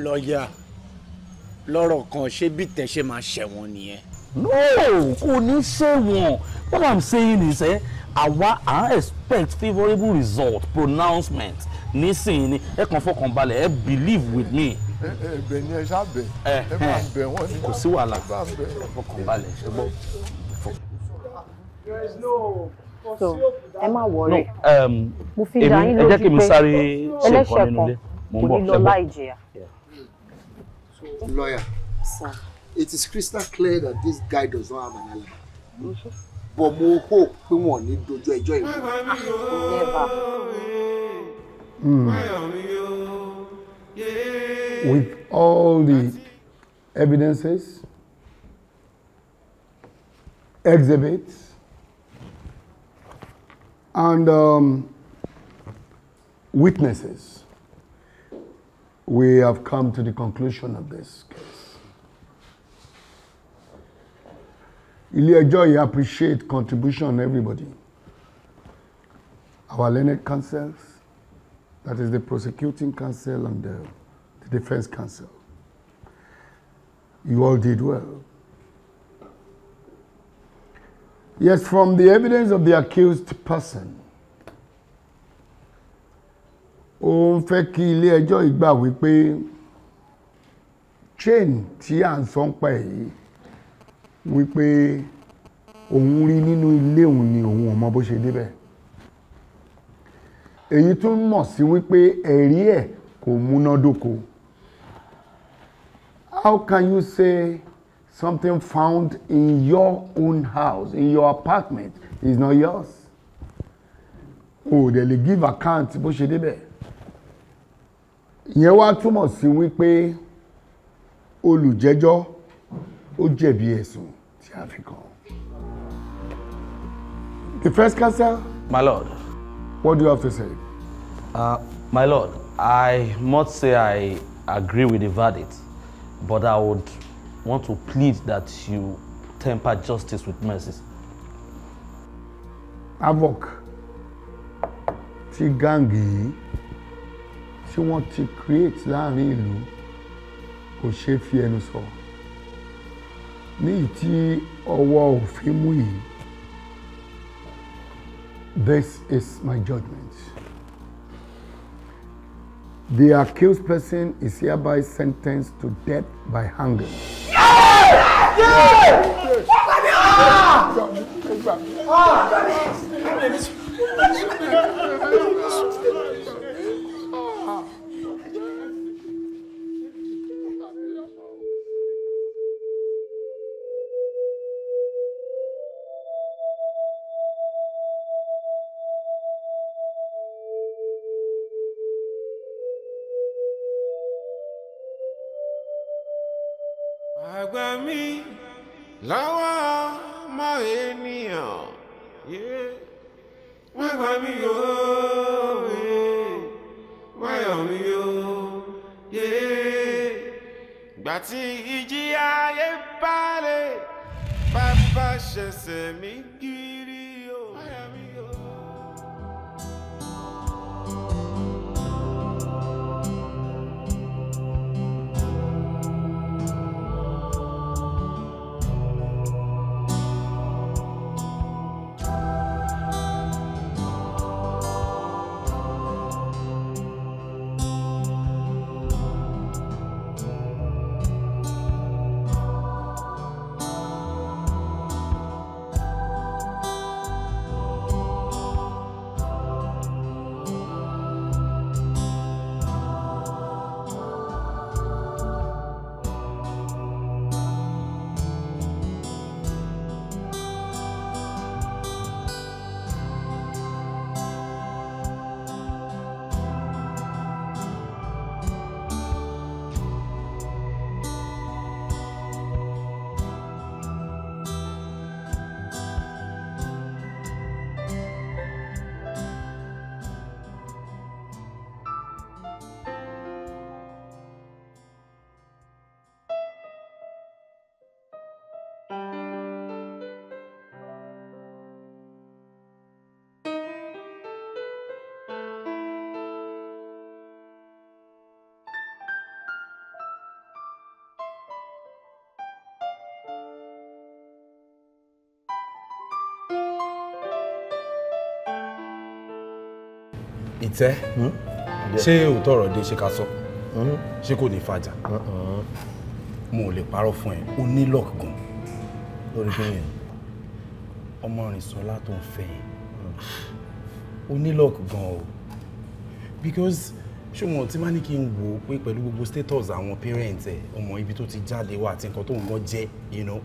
lọ́ọ̀yà lọ́rọ̀ kan ṣé bí tẹ̀ ṣe máa ṣẹ̀wọ̀n nìyẹn no kò ní ṣe wọn what i'm saying is eh, I à ń expect favourable result pronouncement nísìnyí ni ẹ kàn fọkàn balẹ̀ ẹ believe with me. ẹ ẹ bẹ ni ẹ ṣá bẹ ẹ máa bẹ wọn ni kò sí wàhálà fọkàn balẹ̀ ẹ gbọ́. so ẹ má wọrẹ um, mo fi dá yín lójú pé ẹ jẹ́ kí mi sáré ṣe nǹkan nínú ilé it is crystal clear that this guy does not have an alibi. Mm -hmm. but mo hope pé wọn ní dojú ẹjọ́ ìwé. Hmm. with all the evidences exhibits and um, witnesses we have come to the conclusion of this case. ilé ẹjọ́ yìí appreciate contribution everybody our learned councils, that is the prosecuting council and the, the defense counsel you all did well yes from the evidence of the accused person ó ń fẹ́ kí ilé ẹjọ́ ìgbà wípé chain tí à ń sọ ń pa èyí wípé òun rí nínú ilé òun ni òun ò mọ bó ṣe débẹ̀ èyí tún mọ̀ sí wípé ẹ̀rí ẹ̀ kò múnádóko how can you say something found in your own house in your apartment is not yours o oh, dẹ̀ give account bó ṣe débẹ̀ ìyẹn wá túmọ̀ sí wípé olùjẹ́jọ́ ó jẹ̀bi ẹ̀sùn tí a fi kàn. Defense counsel. My lord. What do you have to say? Uh, my lord, I must say I agree with the verdict, but I would want to plead that you temper justice with mercy. Avok, tí gangi. yìí tí wọ́n ti create láàrin ìlú kò ṣeé fi ẹnu So ní ìtí ọwọ́ òfin mú yìí this is my judgment the accused person is hereby sentenced to death by hanging. Yeah! Yeah! Yeah! lọ́wọ́ ọmọ ènìyàn wọ́n gbà mí yóò wọ́n yọ̀ mí yóò gbà tí ìjì ayé balẹ̀ bàbá ṣẹ̀ṣẹ̀ mi jù. Hmm? ìtẹ́ ṣé òótọ́ ọ̀rọ̀ dé ṣe ká sọ hmm? ṣé kò ní fàjà hmm. mo lè parọ́ fún ẹ o ní lọ́ọ̀gàn lórí bẹ́yẹn ọmọ rìn sọlá tó ń fẹ́ yẹn o ní lọ́ọ̀gàn o because ṣùgbọ́n tí má ní kí n wò ó pé pẹ̀lú gbogbo status àwọn parents ẹ̀ ọmọ ibi tó ti jáde wá àti nǹkan tó ń wọ́n jẹ́ you know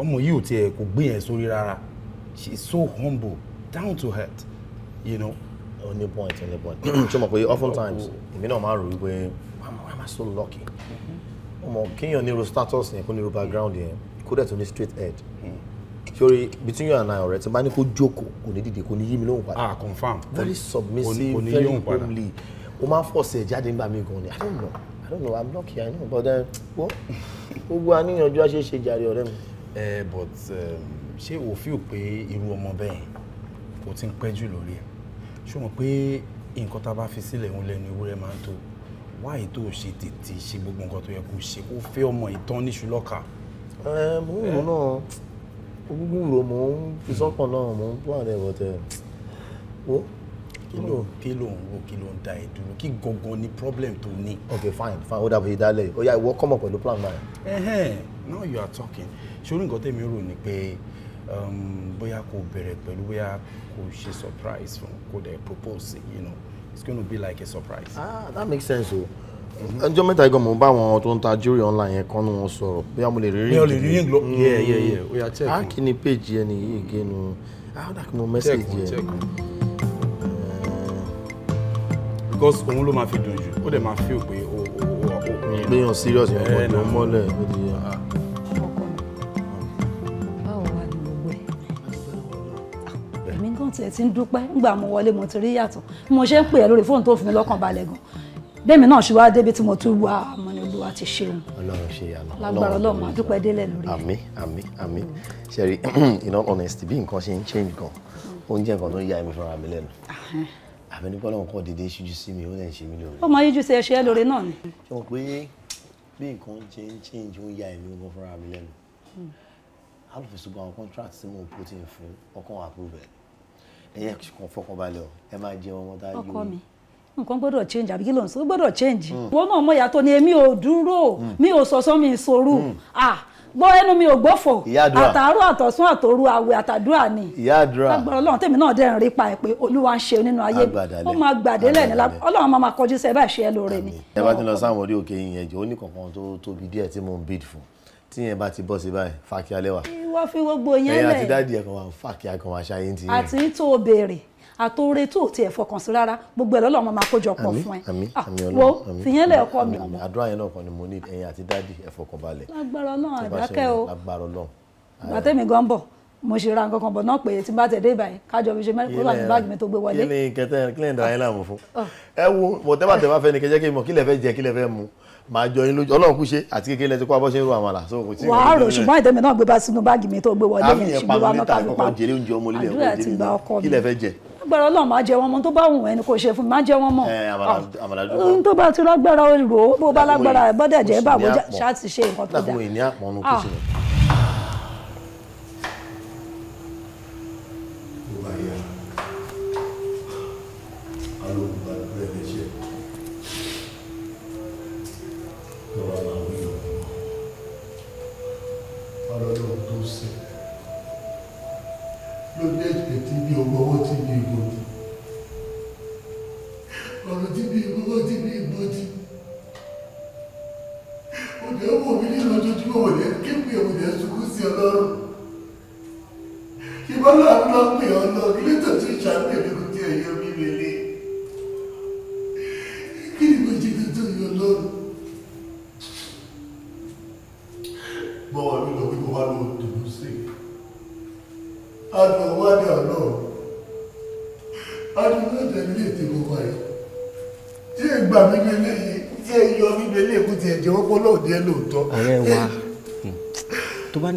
ọmọ yìí ò tiẹ̀ kò gbé yẹn sórí rárá she is so humble down to earth you know ó point ó point ṣé mo pé often times èmi náà máa why am I so lucky ọmọ kéèyàn ní irú status yẹn kó ní irú background yẹn kó dẹ̀ tún straight head sori between you and I already. Somebody n bá ní kó jókòó kò ní dìde kò ah confirm. very submissive very homely o máa ń fọ̀sẹ̀ jáde nígbà míì gan ni I don't know I don't know I'm lucky I know but then what? gbogbo aníyanjú àṣeṣe jàre ọ̀rẹ́ mi. ẹ eh, but um, ṣé o feel pé irú ọmọ bẹ́ẹ̀ o ti ń pẹ́ jù lórí ẹ̀ ṣé wọn pé nǹkan tá a bá fi sílẹ̀ ń lẹ́nu ewúrẹ́ máa ń tó wáyé tó ṣe tètè ṣe gbogbo nǹkan tó yẹ kó ṣe kó fẹ́ ọmọ ìtàn níṣu lọ́ka. ẹ mò ń rò náà gbogbo rò mò ń fi sọ́kàn náà mò ń plan ẹ̀ wọ̀tẹ̀ o. kí ló kí ló ń wo kí ló ń da ẹ dúró kí gangan ni problem tó ní. ok fine fine ó dàbí ìdálẹ̀ ó yá ìwọ kọ́mọ̀ pẹ̀lú plan náà. now you are talking ṣorí nǹkan tẹ̀mí rò ni pé um, bóyá kò bẹ̀rẹ̀ pẹ̀lú bóyá kò ṣe surprise kò dẹ̀ propose you know it's going to be like a surprise. ah that makes sense o. Oh ẹjọ́ mẹ́ta igan mo bá wọn tó ń ta jewelry online yẹn kan ní wọn sọ̀rọ̀ bóyá mo lè rí ring lè rí ring lọ. yẹ yẹ yẹ o yà check. áàkì ni page yẹn ni yìí gé nu áàdà mo message yẹn. because òun ló máa fi dùn jù ó dẹ̀ máa feel pé o o serious yẹn kò tó mọ́lẹ̀ lóde. dẹ̀ ti ń dúpẹ́ ńgbà mo wọlé mo ti rí yàtọ̀ mo ṣe ń pè ẹ́ lórí fóònù tó fi mi lọ́kàn balẹ̀ gan bẹ́ẹ̀mi náà ṣe wá débi tí mo tún wá àmọ́ ní olúwa ti ṣeun ọlọ́run ṣe yàrá lágbára ọlọ́run máa dúpẹ́ délẹ̀ lórí àmín àmín àmín ṣẹ́rí in all honesty bí nǹkan ṣe ń change gan oúnjẹ nǹkan tó yá mi fúnra mi lẹ́nu àmì nípa ọlọ́run kọ́ dédé ṣíjú sí mi ó lè ṣe mí lóore. ó máa yíjú sí ẹ ṣe é lóore náà ni. ṣé mo pé bí nǹkan ṣe ń change ó yá èmi gan fúnra mi lẹ́nu hmm ẹ̀yẹ kò fọkànbalẹ̀ o ẹ máa jẹun ọmọ tá a yọ. ọkọ mi nǹkan gbọ́dọ̀ change àbí kí ló ń sọ gbọ́dọ̀ change. Hmm. wọn náà mọ ìyàtọ̀ ni èmi ò dúró hmm. mi ò sọ̀sọ́ mi ìṣòro ah hmm. gbọ́ ẹnu mi ò gbọ́fọ̀ àtàárọ̀ àtọ̀sán àtòru àwẹ̀ àtàdúrà ni lágbára ọlọ́run tèmi náà dẹ̀ ń rí pa ẹ̀ pé olúwa ń ṣe nínú ayé ó máa gbàdé lẹ́ni ọlọ́run máa máa kọjú sí ẹ bá ṣe ẹ lóore ni. ẹ bá ti lọ sáwọn orí òkè yìnyẹn jọ ó ní kankan tó tóbi díẹ̀ tí mò ń bid fún tí yẹn bá ti bọ́ sí báyìí fàkì alẹ́ wà. ìwọ fi gbogbo yẹn lẹ̀ ẹ̀yin àti dáàdì ẹ̀kan wà fàkì akàn wà ṣáyé ti yẹn. àti tó béèrè àtòrè tó tiẹ̀ fọkàn sí rárá gbogbo ẹ̀ lọ́lọ́mọ máa kójọ pọ̀ fún ẹ. àmín ah, àmín ọlọ́run àmín fìyẹn lẹ̀ ọkọ mi ọmọ. àdúrà yẹn náà kan ni mo ní ẹ̀yin àti dáàdì ẹ fọkàn balẹ̀. mo ṣe ra nǹkan kan bọ̀ náà pé tí n bá tẹ̀ dé ìbàyẹn kájọ fi ṣe mẹ́rin kó wà báàgì mi tó gbé wọlé. kí ni kẹtẹ kí lẹ́yìn dára yín láàmú fún. Ah. ẹ wo bọ̀tẹ́bàtẹ́ bá fẹ́ ni kẹjẹ́ kí n mọ̀ kí lẹ fẹ́ jẹ kí lẹ fẹ́ mu máa jọ yín lójú ọlọ́run kú ṣe àti kékeré lẹ́tí kó abọ́ ṣe ń ro àmàlà. wàá rò ṣùgbọ́n ìtẹ̀mí náà gbé bá sínú báàgì mi tó gbé wọlé yẹn ṣùgbọ́n wọn náà tàbí pa àdúrà ti gba ọkọ mi kí lẹ fẹ́ jẹ. agbára ọlọ́run máa jẹ wọn mọ tó bá wù ẹni kò ṣe fún mi máa jẹ wọn mọ. Ah, ohun tó bá ti lágbára rò ó bó bá lágbára ẹ bọ́dẹ̀ jẹ́ bàbá ṣáà ti ṣe nǹkan tó dà.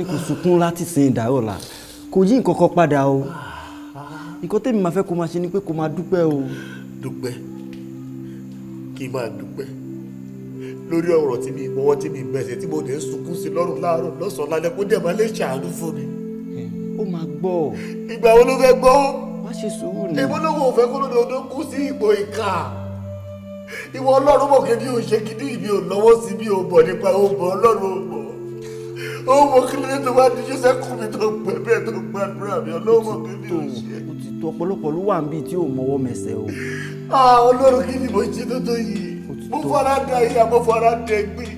kó sunkún láti sin ìdárò la kò yí nǹkan kan padà o nǹkan tẹ́mi máa fẹ́ kó máa ṣe ni pé kó máa dúpẹ́ o. dúpẹ́ kí n máa dúpẹ́ lórí ọ̀rọ̀ tí mi ìbọwọ́ tí mi bẹ̀sẹ̀ tí mo dẹ̀ ń sunkún sí lọ́rùn láàárọ̀ lọ́sàn-án lálẹ́ kó dẹ̀ máa lè ṣàánú fún mi. ó máa gbọ́ ọ. ìgbà wo ló fẹ́ gbọ́ ó. má ṣe sùúrù ni. èmi olówó ò fẹ́ kó lóde odó kú sí ipò ìkà. ìwọ ọlọ́run mọ̀ kí mi ò ṣe kí ní ìbí ò lọ́wọ́ sí mi ò bọ̀ nípa ò bọ̀ ọlọ́run ò bọ̀ ó mọ kí lóde tó bá di jésù kú mi tó pẹ bẹ́ẹ̀ tó gbàdúrà mi ọlọ́mọ kí ni ò ṣe. o ti tó ọ̀pọ̀lọpọ̀ ló wà ń bíi tí ò mọwọ́ mẹsẹ̀ o. ọlọ́run kí ni mo ṣe tó tó yìí mo fara da yìí àmọ́ fara da ẹgbẹ́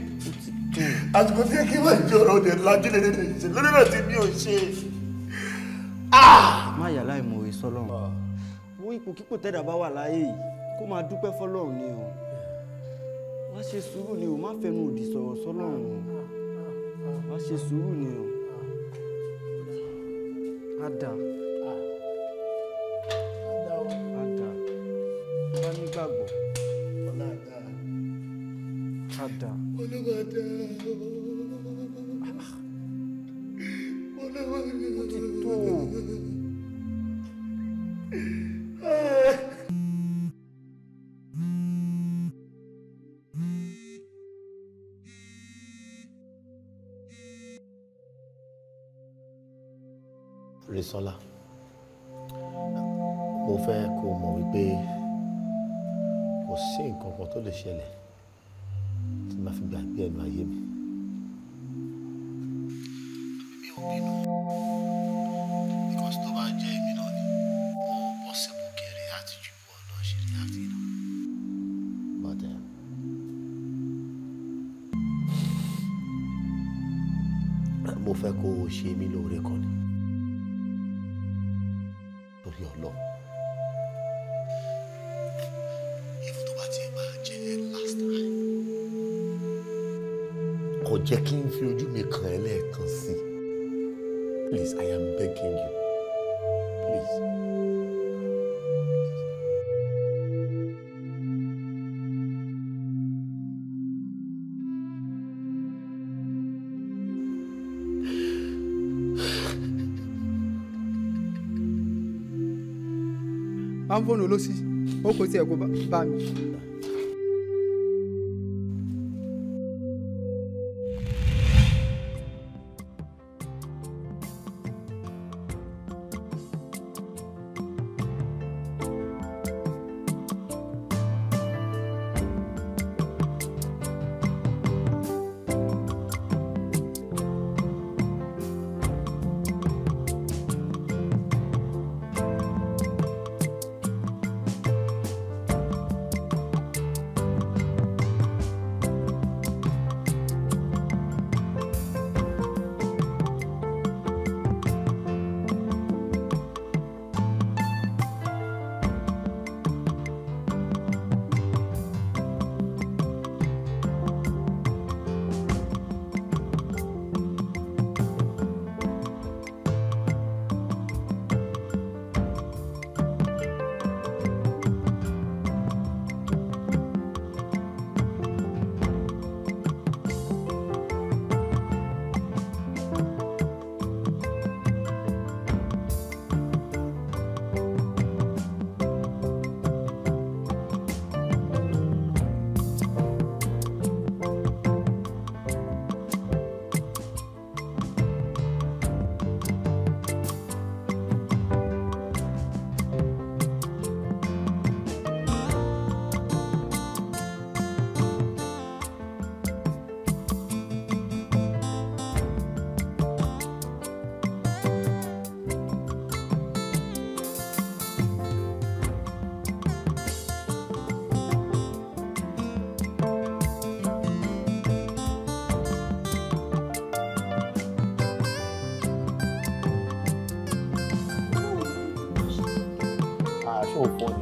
àsìkò tí kí wọ́n jẹ ọ̀rọ̀ ọ̀dẹ̀ lajú lè lè ṣe lórí náà ti ní òṣè. má yàrá ìmòwe sọlọ́run wo ipòkípò tẹ́dà bá wà láàyè kó máa dúpẹ́ fọlọ́run ni o wá ṣe sùúrù ni o má fẹnu òdì sọ̀rọ̀ sọlọ́run o wá ṣe sùúrù ni o á dà á dà wá nígbàgbọ́ á dà. olùwàdà Débísọ́lá mo fẹ́ kó mọ̀ wípé kò sí nǹkan kan tó lè ṣẹlẹ̀ tí màá fi gbàgbé ẹnu ayé mi. mi ò bínú. fóònù olóṣì ó kò tiẹ̀ kó bá mi.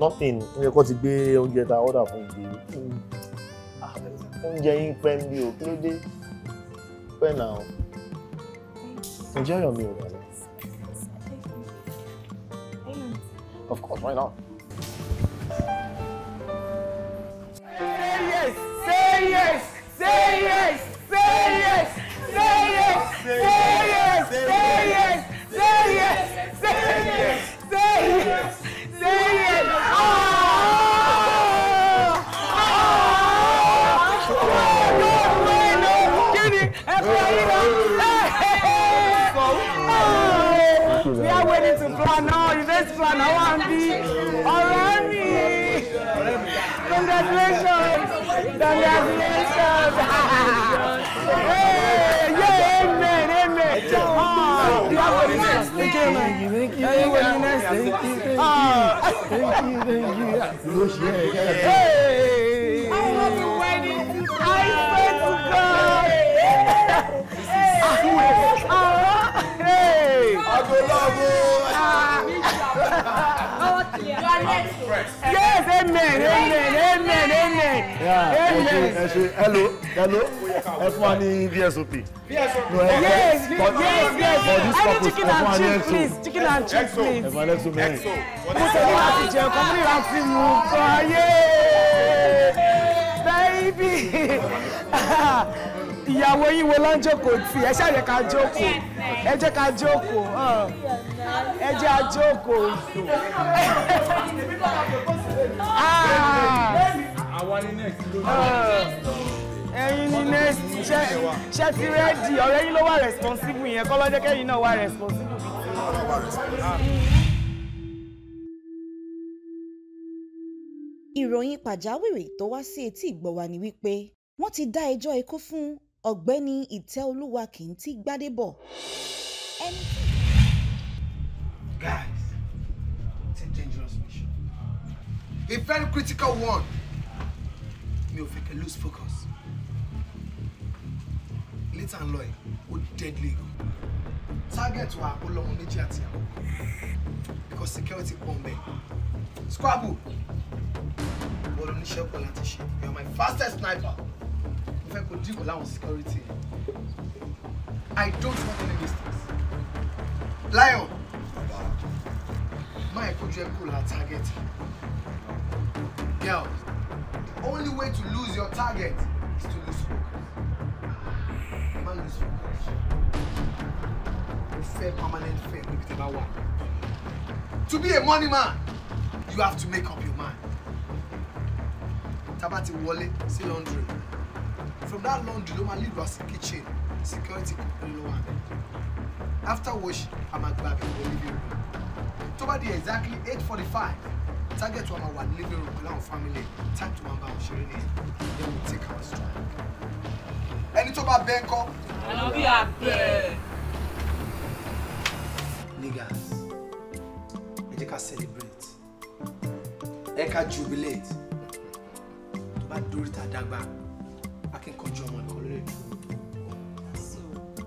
nothing ó yẹ kó ti gbé oúnjẹ ta order fún ìgbé mm. ah, oúnjẹ yín pẹ́ ń bí o kí ló dé pẹ́ náà ǹjẹ́ ọ̀yọ́ mi ò rẹ̀ Of course, why not? Congratulations! hey, yeah, amen, amen. Oh, you have a nice day. Thank you, thank you, thank you, thank you, thank you, thank you. Thank you, thank you. Hey. Yes, amen, amen, amen, amen. Amen. Okay. ṣe hello, hello, f fún wa VSOP. VSOP. No, yes, yes, yes. For this purpose, ẹ fún wa ní Please, chicken and chips, please. Ẹ fún wa ní EXO mẹ́rin. Mo ṣe ní láti jẹ ọkọ, mo ní láti mú baby. ìyàwó yín wo ló ń jókòó tì ẹ ṣáà yẹ ká jókòó ẹ jẹ́ ká jókòó ẹ jẹ́ á jókòó. ẹ̀yin ni next ṣe ti rẹ́ẹ̀dì ọ̀rẹ́ yín ló wà responsible yẹn kọ́ lọ́jọ́ kẹ́yìn náà wà responsible. ìròyìn pàjáwìrì tó wá sí etí ìgbọ́ ni wípé wọ́n ti dá ẹjọ́ ikú fún ọ̀gbẹ́ni ìtẹ́olúwa kìntì gbádébọ̀ ẹni tí. guys it's a dangerous mission a very critical one mi ò fẹ́ kẹ́ lose focus later and loy ó deadly gan target wa ó lọ́mọ méjì àti àwọn because security pọ̀ ń bẹ̀ squabble bọ́ọ̀lù oníṣẹ́ pọ̀ láti ṣe you are my fastest sniper fẹ́ kó dìbò láwọn security I don't want any mistakes Lion My project kojú ẹ target girl the only way to lose your target is to lose focus má lose focus o fẹ́ permanent fẹ́ níbi tí a to be a money man you have to make up your mind Tabati Wally, bá laundry from that laundry ló máa lead wá sí kitchen security nínú wa after wash I'm máa back in the living room tó bá di exactly 8:45. target to our one living room our family time to máa bá àwọn ṣeré nìyẹn then we take our strike ẹni tó bá bẹ́ ń kọ́. àná bí a niggas ẹ jẹ́ celebrate ẹ can jubilate tó bá dórí ta dágbà akẹ́kọ̀ọ́jú ọmọ ẹ̀kọ́ lórí ìdúró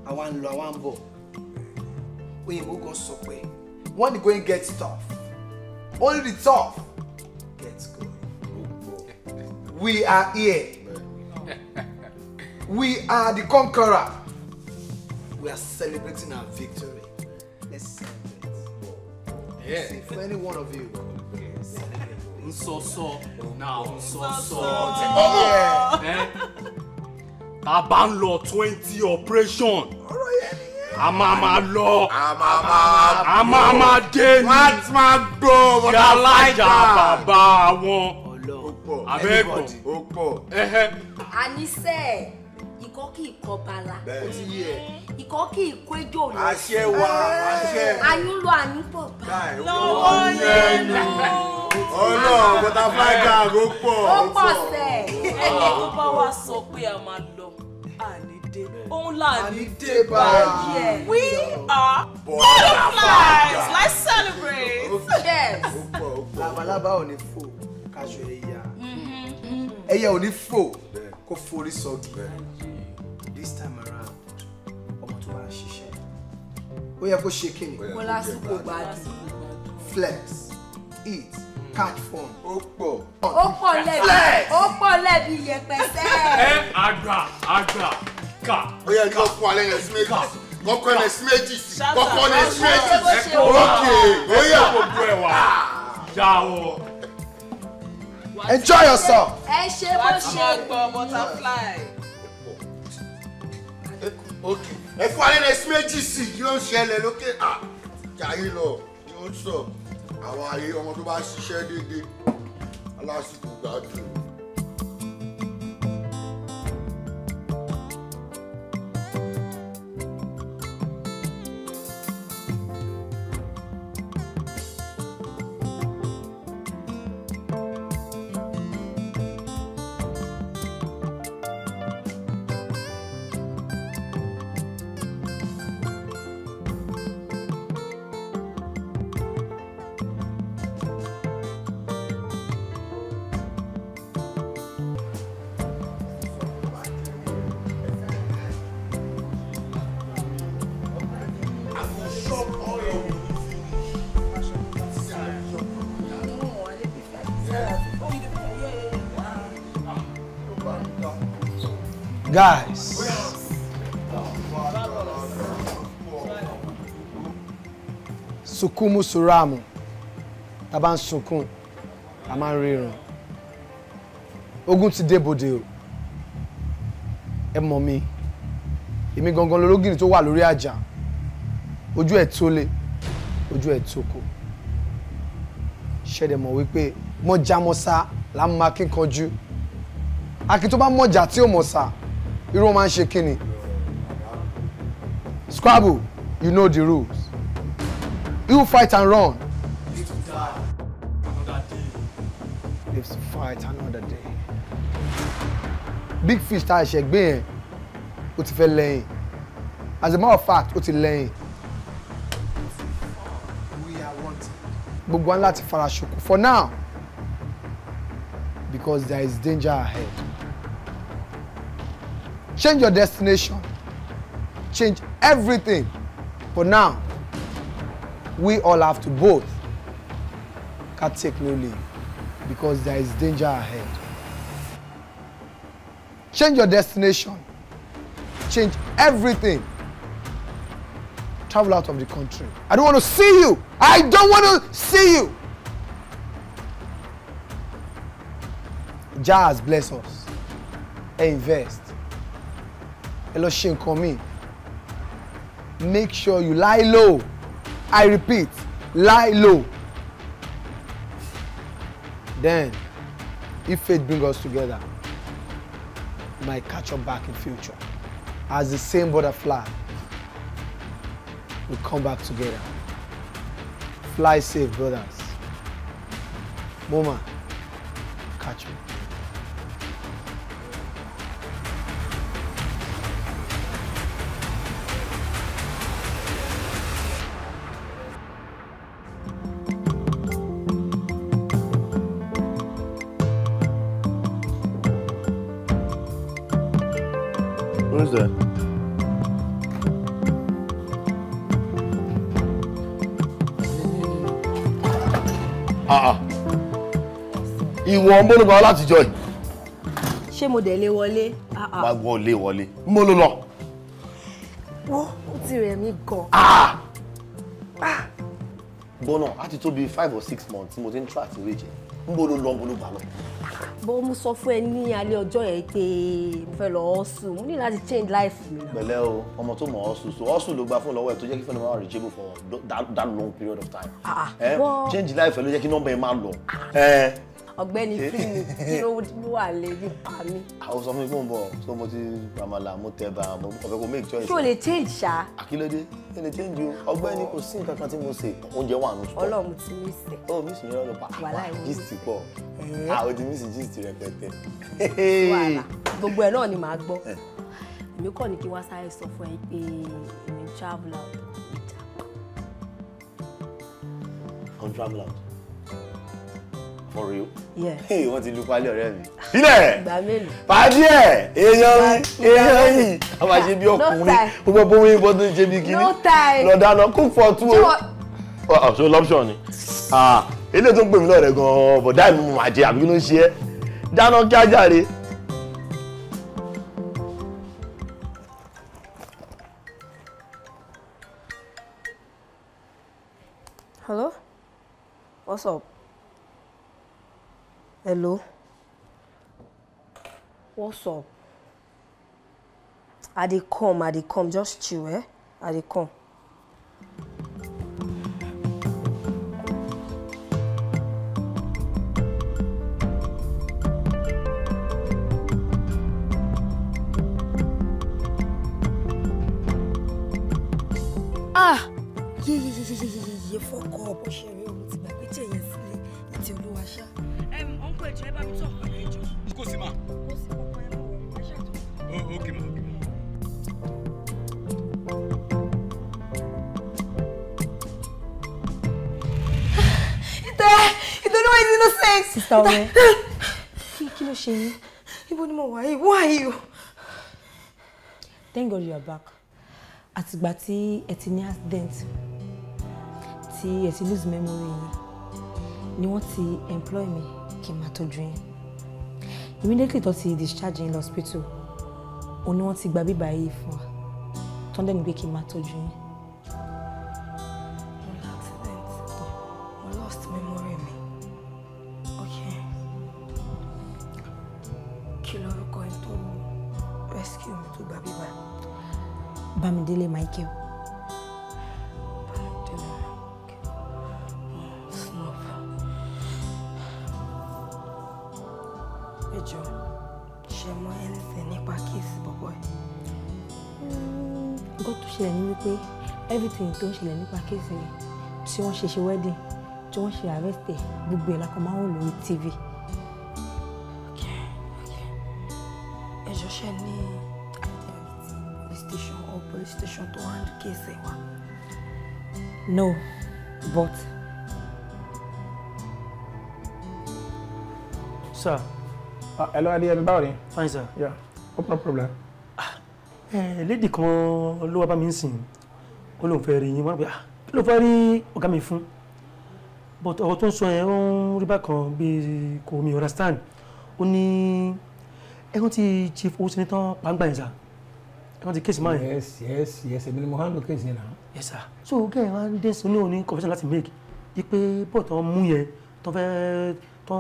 àwa ń lọ àwa ń bọ̀ òyìnbó gan sọ pé when the going get tough only the tough gets going we are here we are the conqueror we are celebrating our victory let's celebrate yeah. see for any one of you celebrate. nsọsọ na nsọsọ ọmọ eh? tá a bá ń lọ twenty operation a máa máa lọ a máa máa dé ní yàlájà bàbá wọn abẹ́gbọ̀n. àníṣe ikọ́ kì í kọ́ bala ikọ́ kì í kó ejò lọ àṣẹ wa àṣẹ àyúnlọ àyúnbọ̀ bá lọ́wọ́ yẹnu ọlọ́ọ̀ butterfly gag ó pọ̀ ó pọ̀ sẹ́ẹ̀ ẹni tó bá wa sọ pé a máa lọ. Fulani Deba. We are butterflies. Let's celebrate. Yes. Labalábá ò ní fò káṣọ ẹyà. Mm-hmm. Ẹyà This time around, ọmọ tó máa ń ṣiṣẹ́. Ó yẹ kó ṣe kí ni? Wọ́n lásìkò Flex, eat, catch phone. Ó pọ̀. Ó pọ̀ lẹ́bi. Ó pọ̀ lẹ́bi yẹpẹsẹ́. Ẹ àgbà àgbà kà. ó yẹ kí wọ́n fún méjì kọ́kọ́ yẹn sí méjì sí kọ́kọ́ yẹn méjì sí ókè ó yẹ gbogbo ẹ̀ enjoy yourself. ẹ ṣe bó ṣe. wàá butterfly. ẹ fún alẹ́ yẹn sí méjì sí yóò ṣẹlẹ̀ lókè àjàyè lọ yóò sọ àwọn ayé ọmọ tó bá ṣiṣẹ́ déédéé alásìkò gbádùn. Guys. sukumu suramu. Tá sukun ń sunkún, a máa ń ríran. Ogun ti dé bodè o. Ẹ mọ̀ mi. Èmi gangan lológìnì tó wà lórí àjà. Ojú ẹ̀ tó le, ojú ẹ̀ tó kò. Ṣẹ̀dẹ̀ mọ̀ wípé mọ̀já mọ̀sá là ń máa kíkanjú. Akin mọ̀já tí ò mọ̀sá irú wọn máa ń ṣe kíni scrabble you know the rules you fight and run. live to fight another day. big fish tá a ṣe gbé yẹn ó ti fẹ́ lẹ́yìn as a matter of fact ó ti lẹ́yìn. gbogbo wa láti fara ṣoko for now because there is danger ahead. Change your destination. Change everything. But now, we all have to both can't take no leave because there is danger ahead. Change your destination. Change everything. Travel out of the country. I don't want to see you. I don't want to see you. Jazz bless us. Invest. ẹ lọ ṣe nǹkan míì make sure you lie low i repeat lie low then if faith bring us together we might catch up back in future as the same butterfly we come back together fly safe brothers moma catch you. wọn ń bólú gan látijọ́ yìí. ṣé mo dẹ̀ lé wọlé. Ah, ah. má gbọ́ lé wọlé mo ló lọ. wọ́n ó ti rẹ̀ mí gan. Ah! gbọ́nà á ti tó bíi five or six months tí mo ti ń try àti rí jẹ ń bólú lọ ń bólú bá lọ. bó mo sọ fún ẹ ní alẹ́ ọjọ́ yẹn pé mo fẹ́ lọ hustle mo ní láti change life mi. pẹ̀lẹ́ o ọmọ tó mọ hustle so hustle ló gba fún lọ́wọ́ ẹ̀ tó jẹ́ kí fẹ́ni máa reachable for that, that long period of time. Ah, eh? change life ẹ ló jẹ́ kí nọ́mbà yẹn máa lọ. Eh? ọ̀gbẹ́ni fíìmù kí ló wà lè nípa mi. àwọn sọ fún mi pé ń bọ̀ so mo ti ramala mo tẹ ba mo ọ̀fẹ́ kò make choice. ṣé o lè change ṣá. àkílódé ṣé lè change o ọ̀gbẹ́ni kò sí nǹkan kan tí mo ṣe oúnjẹ wà nù. Ọlọ́run ti mí sẹ. ó mi sì yọrọ lọ pa wà gist pọ a ò ti mí sì gist rẹpẹtẹ. wàhálà gbogbo ẹ náà ni màá gbọ́ eh. èmi kọ́ ni kí wá sáré sọ fún ẹ pé èmi travel out I'm travel out for real. hey wọ́n ti lu palẹ̀ ọ̀rẹ́ mi. sílẹ̀ pàdé ẹ̀ èèyàn mi èèyàn yìí a máa ṣe bí ọkùnrin gbogbo bó wọ́n bọ́ tó ń ṣe bí kiri lọ dáná cook for two o. ṣé lọ́pṣọ̀ ah, ah, ni ah, ilé tó ń pè mí lọ́rẹ̀ gan-an bọ̀dá mi mà jẹ àbí kí ló ń ṣe ẹ́ dáná kí á jàre. Hello? What's up? Hello. What's up? I dey come, I dey come. Just chill, eh? I dey come. Ah! Yeah, yeah, yeah, yeah, yeah, yeah, yeah, fuck up, Oshiri. sọ̀rọ̀ rẹ jọ. kò innocent. Sister Owe. Kí you? Thank God you are back. At tí ẹ ti ní accident lose memory You want to employ me kí n máa tọ́jú yín immediately tó ti discharge yín lọ hospital òun ni wọ́n ti gba bíbá yìí fún wa tó ń dẹ́nu pé kí n máa tọ́jú yín. Bámidélé Michael. pé everything tó ń ṣẹlẹ̀ nípa kéèsì yẹn tí wọ́n ṣe ṣe wedding tí wọ́n ṣe arrest ẹ̀ gbogbo ẹ̀ lákọ̀ máa ń wò lórí tv. okay okay ẹjọ́ ṣe ní police station or police station tó wà ní kéèsì wa. no but. sir. Uh, hello, Adi. Báwo ni? Fine, sir. Yeah. no problem. Eh, lédì kan ló wá bá mi ń sìn ó lóun fẹ́ rí yín wọ́n á pè ah kí ló fẹ́ rí ọ̀gá mi fún but ọ̀rọ̀ tó ń sọ yẹn ó ń rí bákan bíi kò mi understand ó ní ẹ̀rọ ti chief owó sinitọ́ pàǹgbà yẹn sà ti kéèsì máa yẹn. yes yes yes èmi ni mo handle kéèsì yẹn náà. yes sir so gẹ́gẹ́ wá ń dé sí oní òní confession láti make ipe bọ́ọ̀tọ̀ mú yẹn tó fẹ́ tó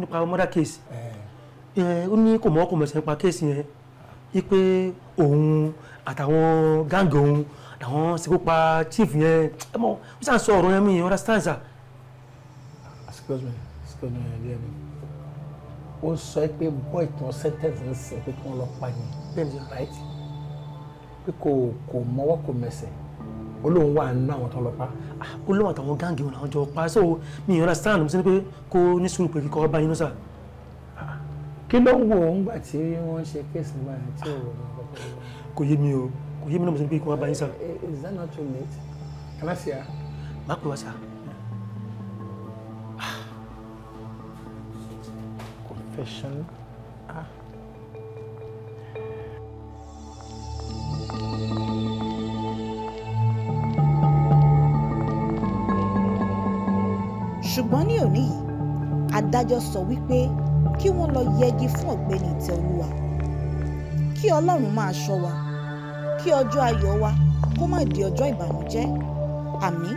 nípa murder case eh. Eh, ó ní kò mọ́ kò mọ̀ sẹ́ńpa case yẹn wípé òun àtàwọn gáǹgì òun làwọn ṣekú pa chief yẹn ẹ mọ ó ṣàn sọ ọ̀rọ̀ yẹn mi understand sir. excuse me excuse me ẹ̀rí ẹ̀rí ó sọ pé bọ́ ìtàn sentence ń sìn pé kí wọ́n lọ pa yẹn bẹ́ẹ̀ ni right pé kò kò mọ́wọ́ kò mẹsẹ̀ olóhùn wà nínú àwọn tó lọ pa. olóhùn ah, àtàwọn gáǹgì òun làwọn jọ pa so mi understand mo ṣe ni pé kó ní sùúrù pé kíkọ́ bá yín náà sir kí ló ń wò ó ńgbà tí wọ́n ṣe kéèsì nígbà yẹn tí ò kò yé mi o kò yé mi náà mo sọ pé kí wọ́n bá yín sá. Eh, eh, is that not too late? can I see her? pè wá sá. confession. Ah. ṣùgbọ́n ní òní yìí adájọ́ sọ wípé kí wọ́n lọ yẹgi fún ọ̀gbẹ́ni ìtẹ́olúwa kí ọlọ́run máa ṣọ́ wa kí ọjọ́ ayọ̀ wa kó má di ọjọ́ ìbànújẹ́ àmín